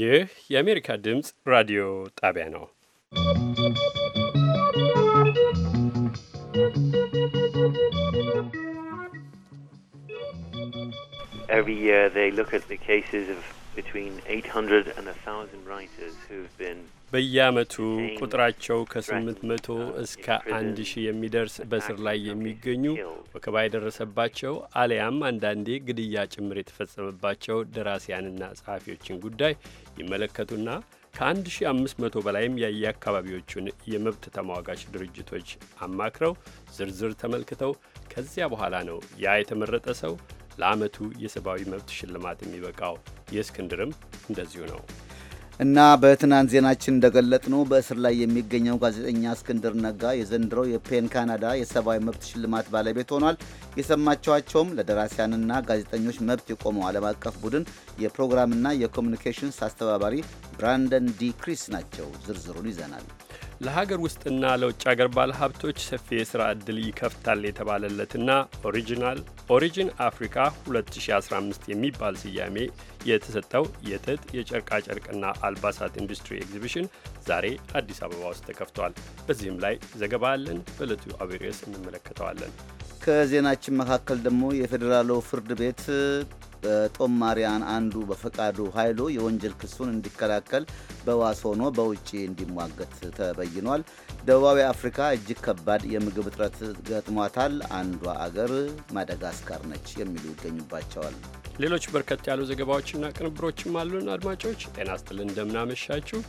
ይህ የአሜሪካ ድምፅ ራዲዮ ጣቢያ ነው። Every year they look at the cases of between 800 and 1,000 writers who've been በየአመቱ ቁጥራቸው ከ መቶ እስከ 1000 ሺህ የሚደርስ በስር ላይ የሚገኙ ወከባ የደረሰባቸው አሊያም አንዳንዴ ግድያ ጭምር የተፈጸመባቸው ደራሲያንና ጸሐፊዎችን ጉዳይ ይመለከቱና ከ1500 በላይም አካባቢዎቹን የመብት ተሟጋች ድርጅቶች አማክረው ዝርዝር ተመልክተው ከዚያ በኋላ ነው ያ የተመረጠ ሰው ለአመቱ የሰብአዊ መብት ሽልማት የሚበቃው። የእስክንድርም እንደዚሁ ነው። እና በትናንት ዜናችን እንደገለጥነው በእስር ላይ የሚገኘው ጋዜጠኛ እስክንድር ነጋ የዘንድሮው የፔን ካናዳ የሰብአዊ መብት ሽልማት ባለቤት ሆኗል። የሰማችኋቸውም ለደራሲያንና ጋዜጠኞች መብት የቆመው ዓለም አቀፍ ቡድን የፕሮግራምና የኮሚኒኬሽንስ አስተባባሪ ብራንደን ዲ ክሪስ ናቸው። ዝርዝሩን ይዘናል። ለሀገር ውስጥና ለውጭ አገር ባለሀብቶች ሰፊ የሥራ ዕድል ይከፍታል የተባለለትና ኦሪጂናል ኦሪጂን አፍሪካ 2015 የሚባል ስያሜ የተሰጠው የጥጥ የጨርቃጨርቅና አልባሳት ኢንዱስትሪ ኤግዚቢሽን ዛሬ አዲስ አበባ ውስጥ ተከፍቷል። በዚህም ላይ ዘገባ አለን። በዕለቱ አብሬስ እንመለከተዋለን። ከዜናችን መካከል ደግሞ የፌዴራሉ ፍርድ ቤት ጦማሪያን አንዱ በፈቃዱ ኃይሉ የወንጀል ክሱን እንዲከላከል በዋስ ሆኖ በውጪ እንዲሟገት ተበይኗል። ደቡባዊ አፍሪካ እጅግ ከባድ የምግብ እጥረት ገጥሟታል። አንዷ አገር ማደጋስካር ነች የሚሉ ይገኙባቸዋል። ሌሎች በርከት ያሉ ዘገባዎችና ቅንብሮችም አሉን። አድማጮች ጤና ይስጥልን፣ እንደምናመሻችሁ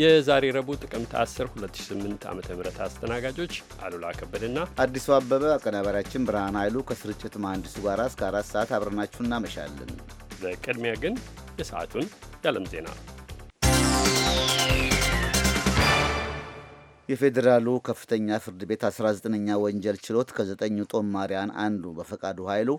የዛሬ ረቡዕ ጥቅምት 10 2008 ዓ ም አስተናጋጆች አሉላ ከበድና አዲሱ አበበ፣ አቀናባሪያችን ብርሃን ኃይሉ ከስርጭት መሐንዲሱ ጋር እስከ አራት ሰዓት አብረናችሁ እናመሻለን። በቅድሚያ ግን የሰዓቱን የዓለም ዜና የፌዴራሉ ከፍተኛ ፍርድ ቤት 19ኛ ወንጀል ችሎት ከዘጠኙ ጦማሪያን አንዱ በፈቃዱ ኃይሉ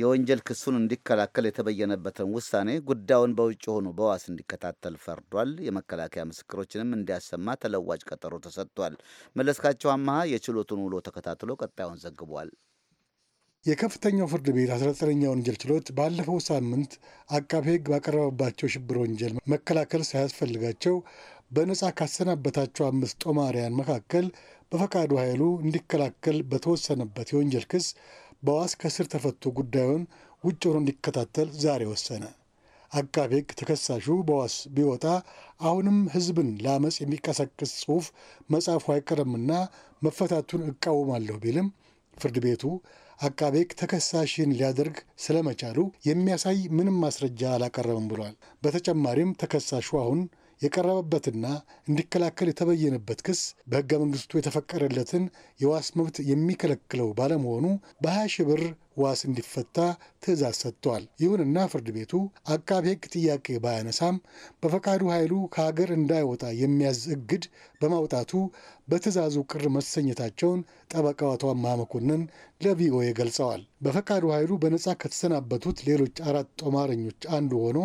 የወንጀል ክሱን እንዲከላከል የተበየነበትን ውሳኔ ጉዳዩን በውጭ ሆኖ በዋስ እንዲከታተል ፈርዷል። የመከላከያ ምስክሮችንም እንዲያሰማ ተለዋጭ ቀጠሮ ተሰጥቷል። መለስካቸው አመሃ የችሎቱን ውሎ ተከታትሎ ቀጣዩን ዘግቧል። የከፍተኛው ፍርድ ቤት 19ኛ ወንጀል ችሎት ባለፈው ሳምንት አቃቤ ሕግ ባቀረበባቸው ሽብር ወንጀል መከላከል ሳያስፈልጋቸው በነጻ ካሰናበታቸው አምስት ጦማሪያን መካከል በፈቃዱ ኃይሉ እንዲከላከል በተወሰነበት የወንጀል ክስ በዋስ ከስር ተፈቶ ጉዳዩን ውጭ ሆኖ እንዲከታተል ዛሬ ወሰነ። አቃቤ ሕግ ተከሳሹ በዋስ ቢወጣ አሁንም ህዝብን ለአመፅ የሚቀሰቅስ ጽሑፍ መጻፉ አይቀርምና መፈታቱን እቃወማለሁ ቢልም ፍርድ ቤቱ አቃቤ ሕግ ተከሳሽን ሊያደርግ ስለመቻሉ የሚያሳይ ምንም ማስረጃ አላቀረብም ብሏል። በተጨማሪም ተከሳሹ አሁን የቀረበበትና እንዲከላከል የተበየነበት ክስ በሕገ መንግስቱ የተፈቀደለትን የዋስ መብት የሚከለክለው ባለመሆኑ በ20 ሺህ ብር ዋስ እንዲፈታ ትዕዛዝ ሰጥቷል። ይሁንና ፍርድ ቤቱ አቃቤ ሕግ ጥያቄ ባያነሳም በፈቃዱ ኃይሉ ከሀገር እንዳይወጣ የሚያዝ እግድ በማውጣቱ በትዕዛዙ ቅር መሰኘታቸውን ጠበቃው አቶ አምሃ መኮንን ለቪኦኤ ገልጸዋል። በፈቃዱ ኃይሉ በነጻ ከተሰናበቱት ሌሎች አራት ጦማረኞች አንዱ ሆኖ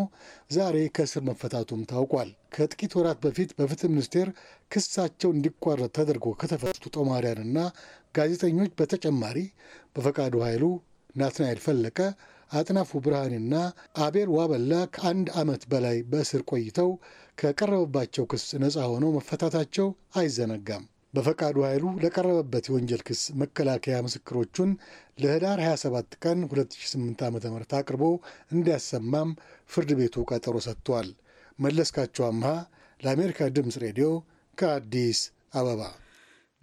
ዛሬ ከእስር መፈታቱም ታውቋል። ከጥቂት ወራት በፊት በፍትህ ሚኒስቴር ክሳቸው እንዲቋረጥ ተደርጎ ከተፈቱ ጦማሪያንና ጋዜጠኞች በተጨማሪ በፈቃዱ ኃይሉ ናትናኤል ፈለቀ፣ አጥናፉ ብርሃንና አቤል ዋበላ ከአንድ ዓመት በላይ በእስር ቆይተው ከቀረበባቸው ክስ ነፃ ሆነው መፈታታቸው አይዘነጋም። በፈቃዱ ኃይሉ ለቀረበበት የወንጀል ክስ መከላከያ ምስክሮቹን ለህዳር 27 ቀን 2008 ዓ ም አቅርቦ እንዲያሰማም ፍርድ ቤቱ ቀጠሮ ሰጥቷል። መለስካቸው አምሃ ለአሜሪካ ድምፅ ሬዲዮ ከአዲስ አበባ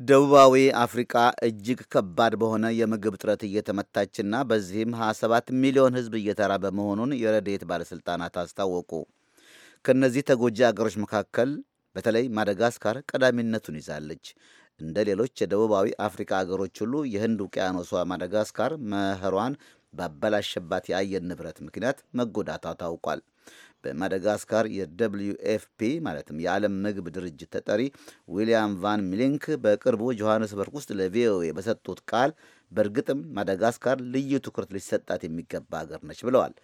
ደቡባዊ አፍሪቃ እጅግ ከባድ በሆነ የምግብ እጥረት እየተመታችና በዚህም 27 ሚሊዮን ሕዝብ እየተራ በመሆኑን የረድኤት ባለሥልጣናት አስታወቁ። ከእነዚህ ተጎጂ አገሮች መካከል በተለይ ማደጋስካር ቀዳሚነቱን ይዛለች። እንደ ሌሎች የደቡባዊ አፍሪካ አገሮች ሁሉ የህንድ ውቅያኖሷ ማደጋስካር መኸሯን ባበላሸባት የአየር ንብረት ምክንያት መጎዳቷ ታውቋል። በማደጋስካር የደብልዩ ኤፍፒ ማለትም የዓለም ምግብ ድርጅት ተጠሪ ዊልያም ቫን ሚሊንክ በቅርቡ ጆሐንስበርግ ውስጥ ለቪኦኤ በሰጡት ቃል በእርግጥም ማደጋስካር ልዩ ትኩረት ሊሰጣት የሚገባ ሀገር ነች ብለዋል።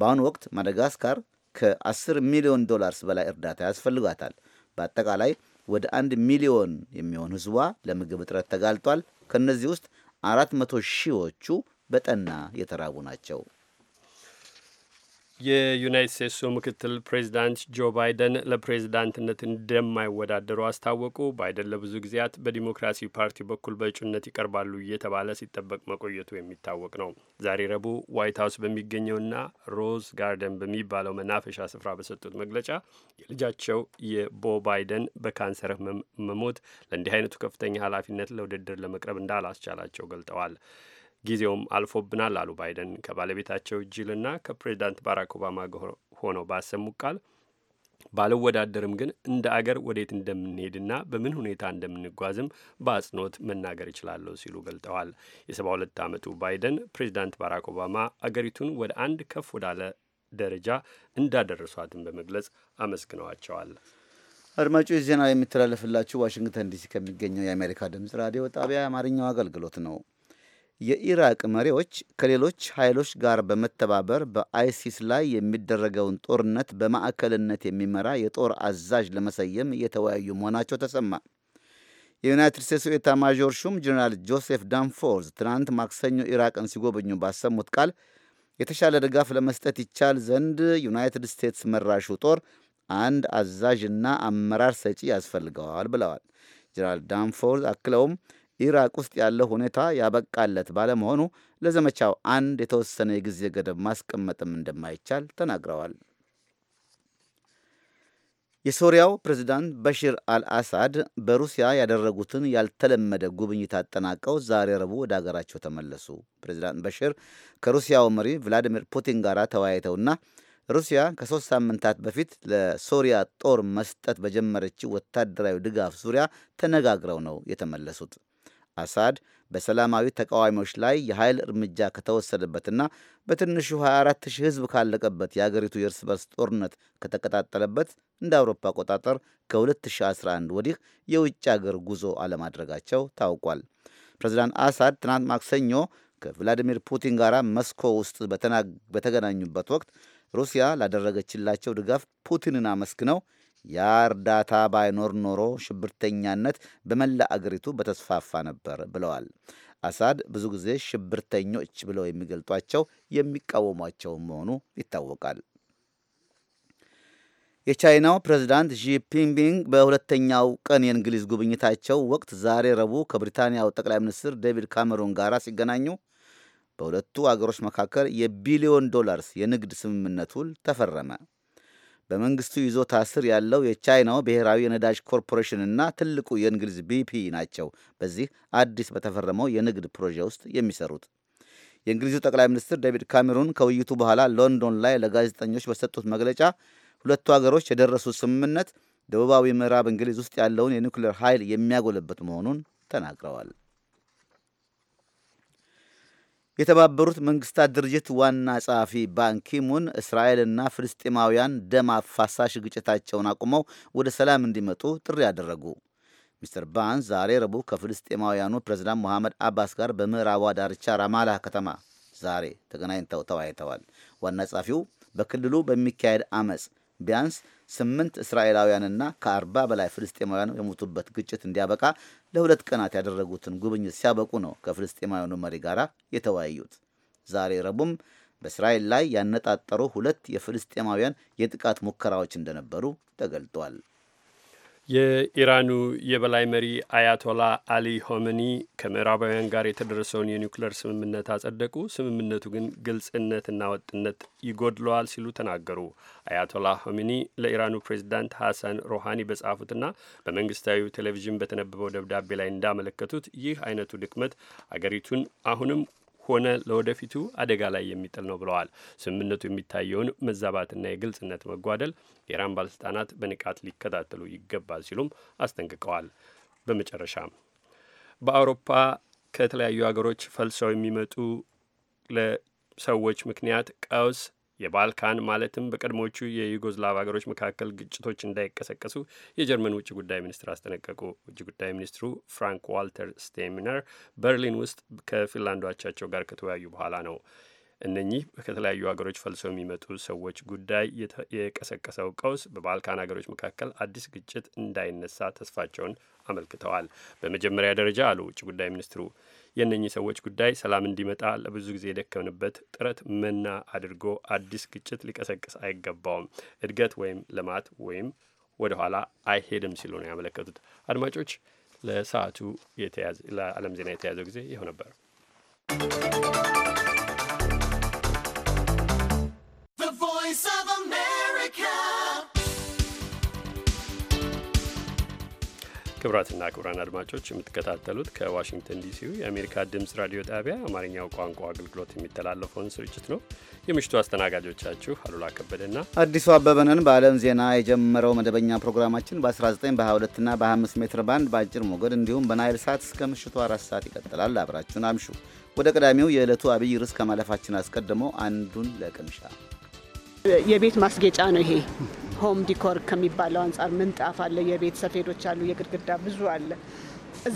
በአሁኑ ወቅት ማደጋስካር ከ10 ሚሊዮን ዶላርስ በላይ እርዳታ ያስፈልጋታል። በአጠቃላይ ወደ አንድ ሚሊዮን የሚሆን ህዝቧ ለምግብ እጥረት ተጋልጧል። ከእነዚህ ውስጥ አራት መቶ ሺዎቹ በጠና የተራቡ ናቸው። የዩናይት ስቴትሱ ምክትል ፕሬዚዳንት ጆ ባይደን ለፕሬዚዳንትነት እንደማይወዳደሩ አስታወቁ። ባይደን ለብዙ ጊዜያት በዲሞክራሲ ፓርቲ በኩል በእጩነት ይቀርባሉ እየተባለ ሲጠበቅ መቆየቱ የሚታወቅ ነው። ዛሬ ረቡዕ ዋይት ሀውስ በሚገኘውና ሮዝ ጋርደን በሚባለው መናፈሻ ስፍራ በሰጡት መግለጫ የልጃቸው የቦ ባይደን በካንሰር ህመም መሞት ለእንዲህ አይነቱ ከፍተኛ ኃላፊነት ለውድድር ለመቅረብ እንዳላስቻላቸው ገልጠዋል። ጊዜውም አልፎብናል አሉ ባይደን ከባለቤታቸው ጂልና ከፕሬዚዳንት ባራክ ኦባማ ሆነው ባሰሙ ቃል ባልወዳደርም ግን እንደ አገር ወዴት እንደምንሄድና በምን ሁኔታ እንደምንጓዝም በአጽንኦት መናገር እችላለሁ ሲሉ ገልጠዋል። የሰባ ሁለት ዓመቱ ባይደን ፕሬዚዳንት ባራክ ኦባማ አገሪቱን ወደ አንድ ከፍ ወዳለ ደረጃ እንዳደረሷትን በመግለጽ አመስግነዋቸዋል። አድማጮች ዜናው የሚተላለፍላችሁ ዋሽንግተን ዲሲ ከሚገኘው የአሜሪካ ድምጽ ራዲዮ ጣቢያ የአማርኛው አገልግሎት ነው። የኢራቅ መሪዎች ከሌሎች ኃይሎች ጋር በመተባበር በአይሲስ ላይ የሚደረገውን ጦርነት በማዕከልነት የሚመራ የጦር አዛዥ ለመሰየም እየተወያዩ መሆናቸው ተሰማ። የዩናይትድ ስቴትስ ማዦር ሹም ጀኔራል ጆሴፍ ዳንፎርዝ ትናንት ማክሰኞ ኢራቅን ሲጎበኙ ባሰሙት ቃል የተሻለ ድጋፍ ለመስጠት ይቻል ዘንድ ዩናይትድ ስቴትስ መራሹ ጦር አንድ አዛዥና አመራር ሰጪ ያስፈልገዋል ብለዋል። ጀኔራል ዳንፎርዝ አክለውም ኢራቅ ውስጥ ያለው ሁኔታ ያበቃለት ባለመሆኑ ለዘመቻው አንድ የተወሰነ የጊዜ ገደብ ማስቀመጥም እንደማይቻል ተናግረዋል። የሶሪያው ፕሬዝዳንት በሽር አልአሳድ በሩሲያ ያደረጉትን ያልተለመደ ጉብኝት አጠናቀው ዛሬ ረቡዕ ወደ አገራቸው ተመለሱ። ፕሬዝዳንት በሽር ከሩሲያው መሪ ቭላዲሚር ፑቲን ጋር ተወያይተውና ሩሲያ ከሶስት ሳምንታት በፊት ለሶሪያ ጦር መስጠት በጀመረችው ወታደራዊ ድጋፍ ዙሪያ ተነጋግረው ነው የተመለሱት። አሳድ በሰላማዊ ተቃዋሚዎች ላይ የኃይል እርምጃ ከተወሰደበትና በትንሹ 24 ሺህ ሕዝብ ካለቀበት የአገሪቱ የእርስ በርስ ጦርነት ከተቀጣጠለበት እንደ አውሮፓ አቆጣጠር ከ2011 ወዲህ የውጭ አገር ጉዞ አለማድረጋቸው ታውቋል። ፕሬዚዳንት አሳድ ትናንት ማክሰኞ ከቭላዲሚር ፑቲን ጋር መስኮ ውስጥ በተገናኙበት ወቅት ሩሲያ ላደረገችላቸው ድጋፍ ፑቲንን አመስግነው ያ እርዳታ ባይኖር ኖሮ ሽብርተኛነት በመላ አገሪቱ በተስፋፋ ነበር ብለዋል። አሳድ ብዙ ጊዜ ሽብርተኞች ብለው የሚገልጧቸው የሚቃወሟቸው መሆኑ ይታወቃል። የቻይናው ፕሬዚዳንት ዢፒንፒንግ በሁለተኛው ቀን የእንግሊዝ ጉብኝታቸው ወቅት ዛሬ ረቡዕ ከብሪታንያው ጠቅላይ ሚኒስትር ዴቪድ ካሜሮን ጋር ሲገናኙ በሁለቱ አገሮች መካከል የቢሊዮን ዶላርስ የንግድ ስምምነት ውል ተፈረመ። በመንግስቱ ይዞታ ስር ያለው የቻይናው ብሔራዊ የነዳጅ ኮርፖሬሽን እና ትልቁ የእንግሊዝ ቢፒ ናቸው። በዚህ አዲስ በተፈረመው የንግድ ፕሮጀ ውስጥ የሚሰሩት የእንግሊዙ ጠቅላይ ሚኒስትር ዴቪድ ካሜሩን ከውይይቱ በኋላ ሎንዶን ላይ ለጋዜጠኞች በሰጡት መግለጫ ሁለቱ አገሮች የደረሱት ስምምነት ደቡባዊ ምዕራብ እንግሊዝ ውስጥ ያለውን የኒውክሌር ኃይል የሚያጎለበት መሆኑን ተናግረዋል። የተባበሩት መንግስታት ድርጅት ዋና ጸሐፊ ባንኪሙን እስራኤልና ፍልስጤማውያን ደም አፋሳሽ ግጭታቸውን አቁመው ወደ ሰላም እንዲመጡ ጥሪ አደረጉ። ሚስተር ባን ዛሬ ረቡዕ ከፍልስጤማውያኑ ፕሬዝዳንት መሐመድ አባስ ጋር በምዕራቧ ዳርቻ ራማላ ከተማ ዛሬ ተገናኝተው ተወያይተዋል። ዋና ጸሐፊው በክልሉ በሚካሄድ አመፅ ቢያንስ ስምንት እስራኤላውያንና ከአርባ በላይ ፍልስጤማውያን የሞቱበት ግጭት እንዲያበቃ ለሁለት ቀናት ያደረጉትን ጉብኝት ሲያበቁ ነው ከፍልስጤማውያኑ መሪ ጋር የተወያዩት። ዛሬ ረቡም በእስራኤል ላይ ያነጣጠሩ ሁለት የፍልስጤማውያን የጥቃት ሙከራዎች እንደነበሩ ተገልጧል። የኢራኑ የበላይ መሪ አያቶላ አሊ ሆመኒ ከምዕራባውያን ጋር የተደረሰውን የኒውክሌር ስምምነት አጸደቁ። ስምምነቱ ግን ግልጽነትና ወጥነት ይጎድለዋል ሲሉ ተናገሩ። አያቶላ ሆመኒ ለኢራኑ ፕሬዚዳንት ሐሰን ሮሃኒ በጻፉትና በመንግስታዊ ቴሌቪዥን በተነበበው ደብዳቤ ላይ እንዳመለከቱት ይህ አይነቱ ድክመት አገሪቱን አሁንም ሆነ ለወደፊቱ አደጋ ላይ የሚጥል ነው ብለዋል። ስምምነቱ የሚታየውን መዛባትና የግልጽነት መጓደል የኢራን ባለስልጣናት በንቃት ሊከታተሉ ይገባል ሲሉም አስጠንቅቀዋል። በመጨረሻም በአውሮፓ ከተለያዩ ሀገሮች ፈልሰው የሚመጡ ለሰዎች ምክንያት ቀውስ የባልካን ማለትም በቀድሞቹ የዩጎዝላቭ ሀገሮች መካከል ግጭቶች እንዳይቀሰቀሱ የጀርመን ውጭ ጉዳይ ሚኒስትር አስጠነቀቁ። ውጭ ጉዳይ ሚኒስትሩ ፍራንክ ዋልተር ስቴሚነር በርሊን ውስጥ ከፊንላንድ ጋር ከተወያዩ በኋላ ነው። እነኚህ ከተለያዩ ሀገሮች ፈልሰው የሚመጡ ሰዎች ጉዳይ የቀሰቀሰው ቀውስ በባልካን ሀገሮች መካከል አዲስ ግጭት እንዳይነሳ ተስፋቸውን አመልክተዋል። በመጀመሪያ ደረጃ አሉ ውጭ ጉዳይ ሚኒስትሩ የእነኚህ ሰዎች ጉዳይ ሰላም እንዲመጣ ለብዙ ጊዜ የደከምንበት ጥረት መና አድርጎ አዲስ ግጭት ሊቀሰቅስ አይገባውም። እድገት ወይም ልማት ወይም ወደ ኋላ አይሄድም ሲሉ ነው ያመለከቱት። አድማጮች፣ ለሰዓቱ ለዓለም ዜና የተያዘው ጊዜ ይኸው ነበር። ክቡራትና ክቡራን አድማጮች የምትከታተሉት ከዋሽንግተን ዲሲው የአሜሪካ ድምፅ ራዲዮ ጣቢያ አማርኛው ቋንቋ አገልግሎት የሚተላለፈውን ስርጭት ነው። የምሽቱ አስተናጋጆቻችሁ አሉላ ከበደና አዲሱ አበበንን በዓለም ዜና የጀመረው መደበኛ ፕሮግራማችን በ19 በ22ና በ25 ሜትር ባንድ በአጭር ሞገድ እንዲሁም በናይል ሳት እስከ ምሽቱ አራት ሰዓት ይቀጥላል። አብራችሁን አምሹ። ወደ ቀዳሚው የዕለቱ አብይ ርዕስ ከማለፋችን አስቀድሞ አንዱን ለቅምሻ የቤት ማስጌጫ ነው ይሄ። ሆም ዲኮር ከሚባለው አንጻር ምንጣፍ አለ፣ የቤት ሰፌዶች አሉ፣ የግድግዳ ብዙ አለ።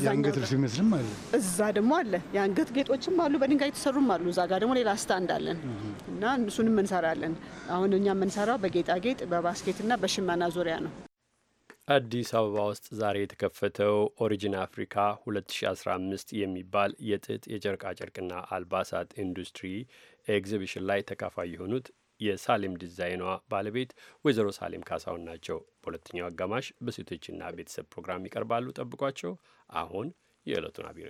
የአንገት ልብስ ይመስልም አለ። እዛ ደግሞ አለ፣ የአንገት ጌጦችም አሉ፣ በድንጋይ የተሰሩም አሉ። እዛ ጋር ደግሞ ሌላ ስታንድ አለን እና እሱንም እንሰራለን። አሁን እኛ የምንሰራው በጌጣጌጥ በባስኬትና በሽመና ዙሪያ ነው። አዲስ አበባ ውስጥ ዛሬ የተከፈተው ኦሪጂን አፍሪካ 2015 የሚባል የጥጥ የጨርቃጨርቅና አልባሳት ኢንዱስትሪ ኤግዚቢሽን ላይ ተካፋይ የሆኑት የሳሌም ዲዛይኗ ባለቤት ወይዘሮ ሳሌም ካሳሁን ናቸው። በሁለተኛው አጋማሽ በሴቶችና ቤተሰብ ፕሮግራም ይቀርባሉ። ጠብቋቸው። አሁን የዕለቱን አብይ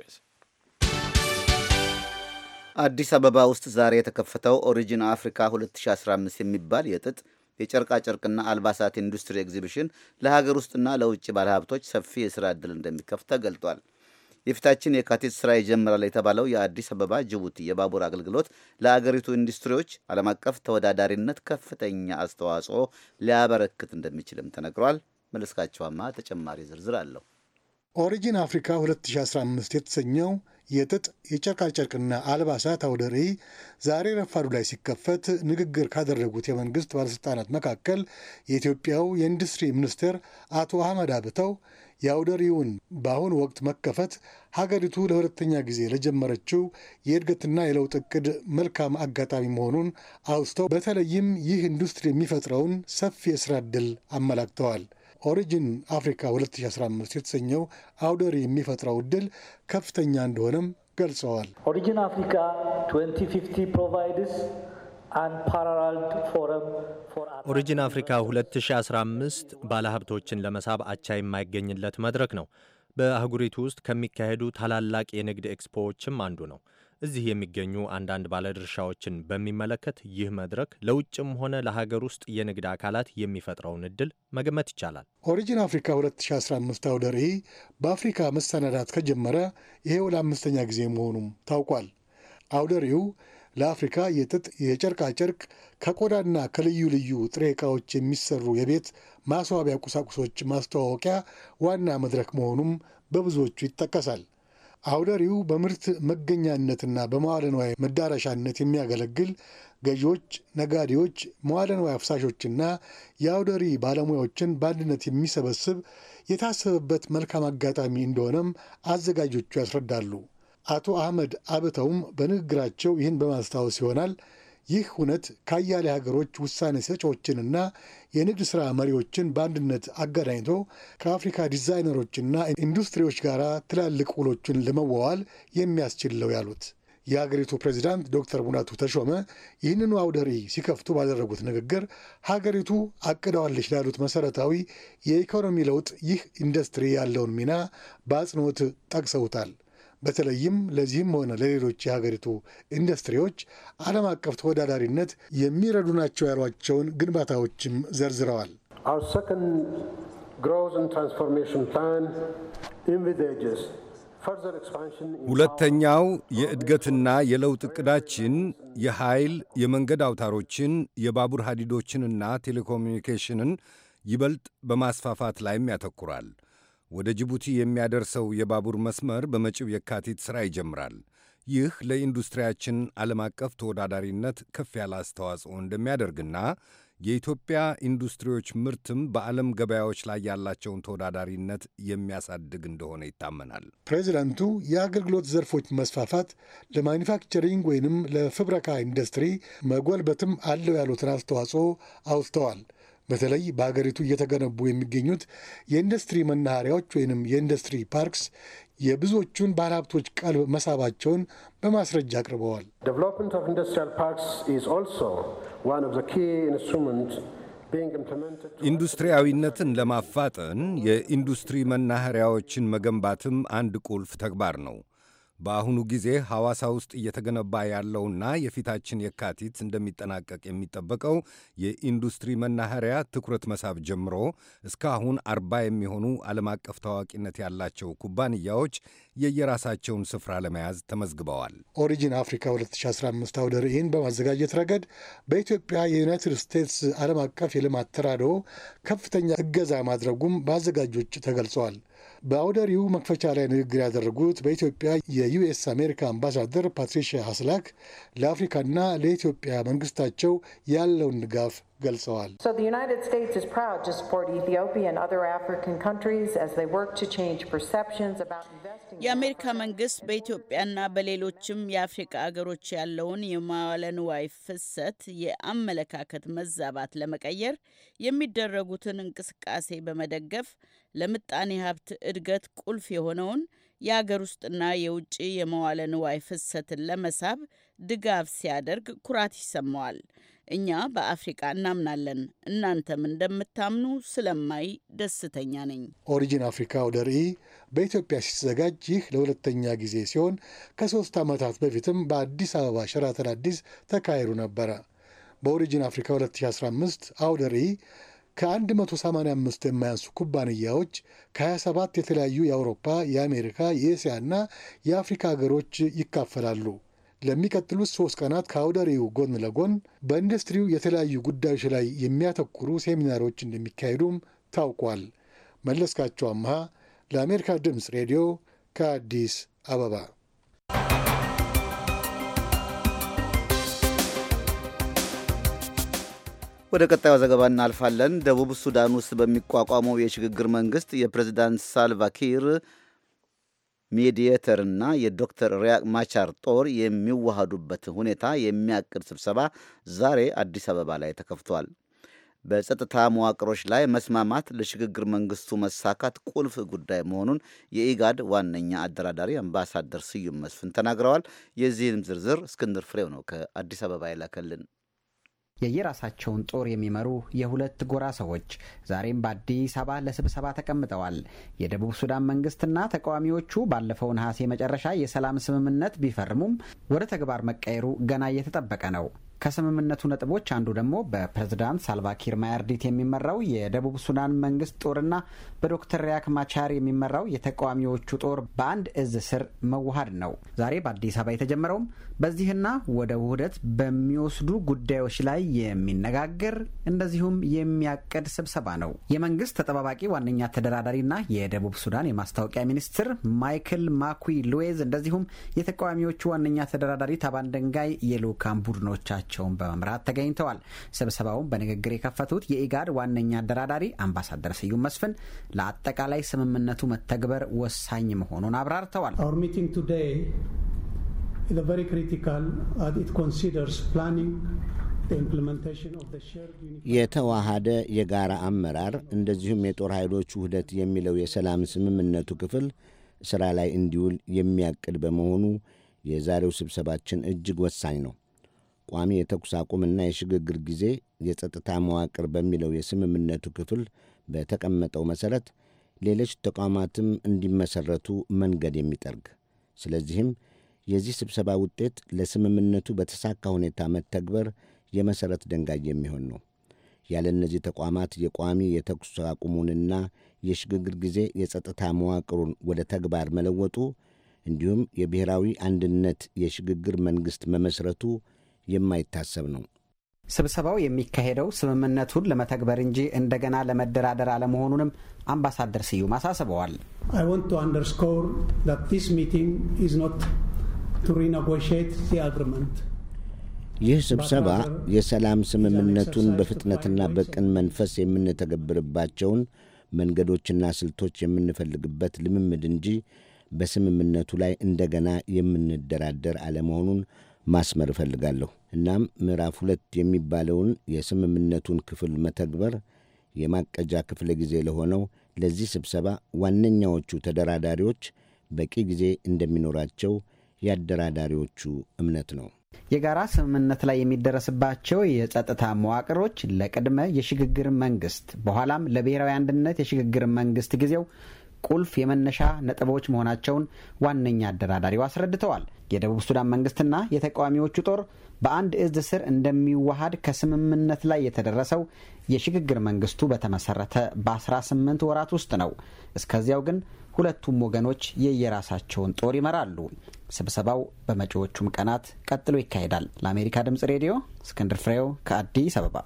አዲስ አበባ ውስጥ ዛሬ የተከፈተው ኦሪጂን አፍሪካ 2015 የሚባል የጥጥ የጨርቃጨርቅና አልባሳት ኢንዱስትሪ ኤግዚቢሽን ለሀገር ውስጥና ለውጭ ባለሀብቶች ሰፊ የስራ ዕድል እንደሚከፍት ተገልጧል። የፊታችን የካቲት ስራ ይጀምራል የተባለው የአዲስ አበባ ጅቡቲ የባቡር አገልግሎት ለአገሪቱ ኢንዱስትሪዎች ዓለም አቀፍ ተወዳዳሪነት ከፍተኛ አስተዋጽኦ ሊያበረክት እንደሚችልም ተነግሯል። መለስካቸዋማ ተጨማሪ ዝርዝር አለው። ኦሪጂን አፍሪካ 2015 የተሰኘው የጥጥ የጨርቃጨርቅና አልባሳት አውደ ርዕይ ዛሬ ረፋዱ ላይ ሲከፈት ንግግር ካደረጉት የመንግስት ባለሥልጣናት መካከል የኢትዮጵያው የኢንዱስትሪ ሚኒስትር አቶ አህመድ አብተው የአውደ ርዕዩን በአሁኑ ወቅት መከፈት ሀገሪቱ ለሁለተኛ ጊዜ ለጀመረችው የእድገትና የለውጥ እቅድ መልካም አጋጣሚ መሆኑን አውስተው በተለይም ይህ ኢንዱስትሪ የሚፈጥረውን ሰፊ የስራ እድል አመላክተዋል። ኦሪጂን አፍሪካ 2015 የተሰኘው አውደ ርዕይ የሚፈጥረው እድል ከፍተኛ እንደሆነም ገልጸዋል። ኦሪጂን አፍሪካ 2050 ፕሮቫይድስ ኦሪጂን አፍሪካ 2015 ባለሀብቶችን ለመሳብ አቻ የማይገኝለት መድረክ ነው። በአህጉሪቱ ውስጥ ከሚካሄዱ ታላላቅ የንግድ ኤክስፖዎችም አንዱ ነው። እዚህ የሚገኙ አንዳንድ ባለድርሻዎችን በሚመለከት ይህ መድረክ ለውጭም ሆነ ለሀገር ውስጥ የንግድ አካላት የሚፈጥረውን እድል መገመት ይቻላል። ኦሪጂን አፍሪካ 2015 አውደ ርዕይ በአፍሪካ መሰናዳት ከጀመረ ይሄው ለአምስተኛ ጊዜ መሆኑም ታውቋል። አውደ ርዕዩ ለአፍሪካ የጥጥ የጨርቃጨርቅ ከቆዳና ከልዩ ልዩ ጥሬ ዕቃዎች የሚሰሩ የቤት ማስዋቢያ ቁሳቁሶች ማስተዋወቂያ ዋና መድረክ መሆኑም በብዙዎቹ ይጠቀሳል። አውደሪው በምርት መገኛነትና በመዋለንዋይ መዳረሻነት የሚያገለግል ገዢዎች፣ ነጋዴዎች፣ መዋለንዋይ አፍሳሾችና የአውደሪ ባለሙያዎችን በአንድነት የሚሰበስብ የታሰበበት መልካም አጋጣሚ እንደሆነም አዘጋጆቹ ያስረዳሉ። አቶ አህመድ አብተውም በንግግራቸው ይህን በማስታወስ ይሆናል ይህ እውነት ከአያሌ ሀገሮች ውሳኔ ሰጪዎችንና የንግድ ሥራ መሪዎችን በአንድነት አገናኝቶ ከአፍሪካ ዲዛይነሮችና ኢንዱስትሪዎች ጋር ትላልቅ ውሎችን ለመዋዋል የሚያስችል ያሉት የሀገሪቱ ፕሬዚዳንት ዶክተር ሙላቱ ተሾመ ይህንኑ አውደ ርዕይ ሲከፍቱ ባደረጉት ንግግር ሀገሪቱ አቅደዋለች ላሉት መሰረታዊ የኢኮኖሚ ለውጥ ይህ ኢንዱስትሪ ያለውን ሚና በአጽንኦት ጠቅሰውታል። በተለይም ለዚህም ሆነ ለሌሎች የሀገሪቱ ኢንዱስትሪዎች ዓለም አቀፍ ተወዳዳሪነት የሚረዱ ናቸው ያሏቸውን ግንባታዎችም ዘርዝረዋል። ሁለተኛው የእድገትና የለውጥ ቅዳችን የኃይል፣ የመንገድ አውታሮችን፣ የባቡር ሀዲዶችንና ቴሌኮሙኒኬሽንን ይበልጥ በማስፋፋት ላይም ያተኩራል። ወደ ጅቡቲ የሚያደርሰው የባቡር መስመር በመጪው የካቲት ሥራ ይጀምራል። ይህ ለኢንዱስትሪያችን ዓለም አቀፍ ተወዳዳሪነት ከፍ ያለ አስተዋጽኦ እንደሚያደርግና የኢትዮጵያ ኢንዱስትሪዎች ምርትም በዓለም ገበያዎች ላይ ያላቸውን ተወዳዳሪነት የሚያሳድግ እንደሆነ ይታመናል። ፕሬዚዳንቱ የአገልግሎት ዘርፎች መስፋፋት ለማኒፋክቸሪንግ ወይንም ለፍብረካ ኢንዱስትሪ መጎልበትም አለው ያሉትን አስተዋጽኦ አውስተዋል። በተለይ በሀገሪቱ እየተገነቡ የሚገኙት የኢንዱስትሪ መናኸሪያዎች ወይንም የኢንዱስትሪ ፓርክስ የብዙዎቹን ባለሀብቶች ቀልብ መሳባቸውን በማስረጃ አቅርበዋል። ኦፍ ኢዝ ኢንዱስትሪያዊነትን ለማፋጠን የኢንዱስትሪ መናኸሪያዎችን መገንባትም አንድ ቁልፍ ተግባር ነው። በአሁኑ ጊዜ ሐዋሳ ውስጥ እየተገነባ ያለውና የፊታችን የካቲት እንደሚጠናቀቅ የሚጠበቀው የኢንዱስትሪ መናኸሪያ ትኩረት መሳብ ጀምሮ እስካሁን አርባ የሚሆኑ ዓለም አቀፍ ታዋቂነት ያላቸው ኩባንያዎች የየራሳቸውን ስፍራ ለመያዝ ተመዝግበዋል። ኦሪጂን አፍሪካ 2015 አውደ ርዕይን በማዘጋጀት ረገድ በኢትዮጵያ የዩናይትድ ስቴትስ ዓለም አቀፍ የልማት ተራድኦ ከፍተኛ እገዛ ማድረጉም በአዘጋጆች ተገልጸዋል። በአውደ ርዕዩ መክፈቻ ላይ ንግግር ያደረጉት በኢትዮጵያ የዩኤስ አሜሪካ አምባሳደር ፓትሪሻ ሀስላክ ለአፍሪካና ለኢትዮጵያ መንግስታቸው ያለውን ድጋፍ ገልጸዋል። የአሜሪካ መንግስት በኢትዮጵያና በሌሎችም የአፍሪካ አገሮች ያለውን የመዋለ ንዋይ ፍሰት የአመለካከት መዛባት ለመቀየር የሚደረጉትን እንቅስቃሴ በመደገፍ ለምጣኔ ሀብት እድገት ቁልፍ የሆነውን የአገር ውስጥና የውጭ የመዋለ ንዋይ ፍሰትን ለመሳብ ድጋፍ ሲያደርግ ኩራት ይሰማዋል። እኛ በአፍሪቃ እናምናለን። እናንተም እንደምታምኑ ስለማይ ደስተኛ ነኝ። ኦሪጂን አፍሪካ ወደ ርኢ በኢትዮጵያ ሲዘጋጅ ይህ ለሁለተኛ ጊዜ ሲሆን ከሶስት ዓመታት በፊትም በአዲስ አበባ ሸራተን አዲስ ተካሂዱ ነበረ። በኦሪጂን አፍሪካ 2015 አውደ ከ185 የማያንሱ ኩባንያዎች ከ27 የተለያዩ የአውሮፓ፣ የአሜሪካ፣ የእስያ እና የአፍሪካ ሀገሮች ይካፈላሉ። ለሚቀጥሉት ሶስት ቀናት ከአውደ ርዕዩ ጎን ለጎን በኢንዱስትሪው የተለያዩ ጉዳዮች ላይ የሚያተኩሩ ሴሚናሮች እንደሚካሄዱም ታውቋል። መለስካቸው አምሃ ለአሜሪካ ድምፅ ሬዲዮ ከአዲስ አበባ ወደ ቀጣዩ ዘገባ እናልፋለን። ደቡብ ሱዳን ውስጥ በሚቋቋመው የሽግግር መንግስት የፕሬዝዳንት ሳልቫኪር ሜዲየተርና የዶክተር ሪያቅ ማቻር ጦር የሚዋሃዱበት ሁኔታ የሚያቅድ ስብሰባ ዛሬ አዲስ አበባ ላይ ተከፍቷል። በጸጥታ መዋቅሮች ላይ መስማማት ለሽግግር መንግስቱ መሳካት ቁልፍ ጉዳይ መሆኑን የኢጋድ ዋነኛ አደራዳሪ አምባሳደር ስዩም መስፍን ተናግረዋል። የዚህም ዝርዝር እስክንድር ፍሬው ነው ከአዲስ አበባ የላከልን። የየራሳቸውን ጦር የሚመሩ የሁለት ጎራ ሰዎች ዛሬም በአዲስ አበባ ለስብሰባ ተቀምጠዋል። የደቡብ ሱዳን መንግስትና ተቃዋሚዎቹ ባለፈው ነሐሴ መጨረሻ የሰላም ስምምነት ቢፈርሙም ወደ ተግባር መቀየሩ ገና እየተጠበቀ ነው። ከስምምነቱ ነጥቦች አንዱ ደግሞ በፕሬዝዳንት ሳልቫኪር ማያርዲት የሚመራው የደቡብ ሱዳን መንግስት ጦርና በዶክተር ሪያክ ማቻር የሚመራው የተቃዋሚዎቹ ጦር በአንድ እዝ ስር መዋሃድ ነው። ዛሬ በአዲስ አበባ የተጀመረውም በዚህና ወደ ውህደት በሚወስዱ ጉዳዮች ላይ የሚነጋገር እንደዚሁም የሚያቅድ ስብሰባ ነው። የመንግስት ተጠባባቂ ዋነኛ ተደራዳሪና የደቡብ ሱዳን የማስታወቂያ ሚኒስትር ማይክል ማኩ ሉዌዝ እንደዚሁም የተቃዋሚዎቹ ዋነኛ ተደራዳሪ ታባን ደንጋይ የልኡካን ቡድኖቻቸው ራሳቸውን በመምራት ተገኝተዋል። ስብሰባውን በንግግር የከፈቱት የኢጋድ ዋነኛ አደራዳሪ አምባሳደር ስዩም መስፍን ለአጠቃላይ ስምምነቱ መተግበር ወሳኝ መሆኑን አብራርተዋል። የተዋሃደ የጋራ አመራር እንደዚሁም የጦር ኃይሎች ውህደት የሚለው የሰላም ስምምነቱ ክፍል ሥራ ላይ እንዲውል የሚያቅድ በመሆኑ የዛሬው ስብሰባችን እጅግ ወሳኝ ነው። ቋሚ የተኩስ አቁምና የሽግግር ጊዜ የጸጥታ መዋቅር በሚለው የስምምነቱ ክፍል በተቀመጠው መሠረት ሌሎች ተቋማትም እንዲመሠረቱ መንገድ የሚጠርግ ስለዚህም የዚህ ስብሰባ ውጤት ለስምምነቱ በተሳካ ሁኔታ መተግበር የመሠረት ድንጋይ የሚሆን ነው። ያለ እነዚህ ተቋማት የቋሚ የተኩስ አቁሙንና የሽግግር ጊዜ የጸጥታ መዋቅሩን ወደ ተግባር መለወጡ እንዲሁም የብሔራዊ አንድነት የሽግግር መንግሥት መመስረቱ የማይታሰብ ነው። ስብሰባው የሚካሄደው ስምምነቱን ለመተግበር እንጂ እንደገና ለመደራደር አለመሆኑንም አምባሳደር ስዩም አሳስበዋል። ይህ ስብሰባ የሰላም ስምምነቱን በፍጥነትና በቅን መንፈስ የምንተገብርባቸውን መንገዶችና ስልቶች የምንፈልግበት ልምምድ እንጂ በስምምነቱ ላይ እንደገና የምንደራደር አለመሆኑን ማስመር እፈልጋለሁ። እናም ምዕራፍ ሁለት የሚባለውን የስምምነቱን ክፍል መተግበር የማቀጃ ክፍለ ጊዜ ለሆነው ለዚህ ስብሰባ ዋነኛዎቹ ተደራዳሪዎች በቂ ጊዜ እንደሚኖራቸው የአደራዳሪዎቹ እምነት ነው። የጋራ ስምምነት ላይ የሚደረስባቸው የጸጥታ መዋቅሮች ለቅድመ የሽግግር መንግስት በኋላም ለብሔራዊ አንድነት የሽግግር መንግስት ጊዜው ቁልፍ የመነሻ ነጥቦች መሆናቸውን ዋነኛ አደራዳሪው አስረድተዋል። የደቡብ ሱዳን መንግስትና የተቃዋሚዎቹ ጦር በአንድ እዝ ስር እንደሚዋሃድ ከስምምነት ላይ የተደረሰው የሽግግር መንግስቱ በተመሰረተ በ18 ወራት ውስጥ ነው። እስከዚያው ግን ሁለቱም ወገኖች የየራሳቸውን ጦር ይመራሉ። ስብሰባው በመጪዎቹም ቀናት ቀጥሎ ይካሄዳል። ለአሜሪካ ድምጽ ሬዲዮ እስክንድር ፍሬው ከአዲስ አበባ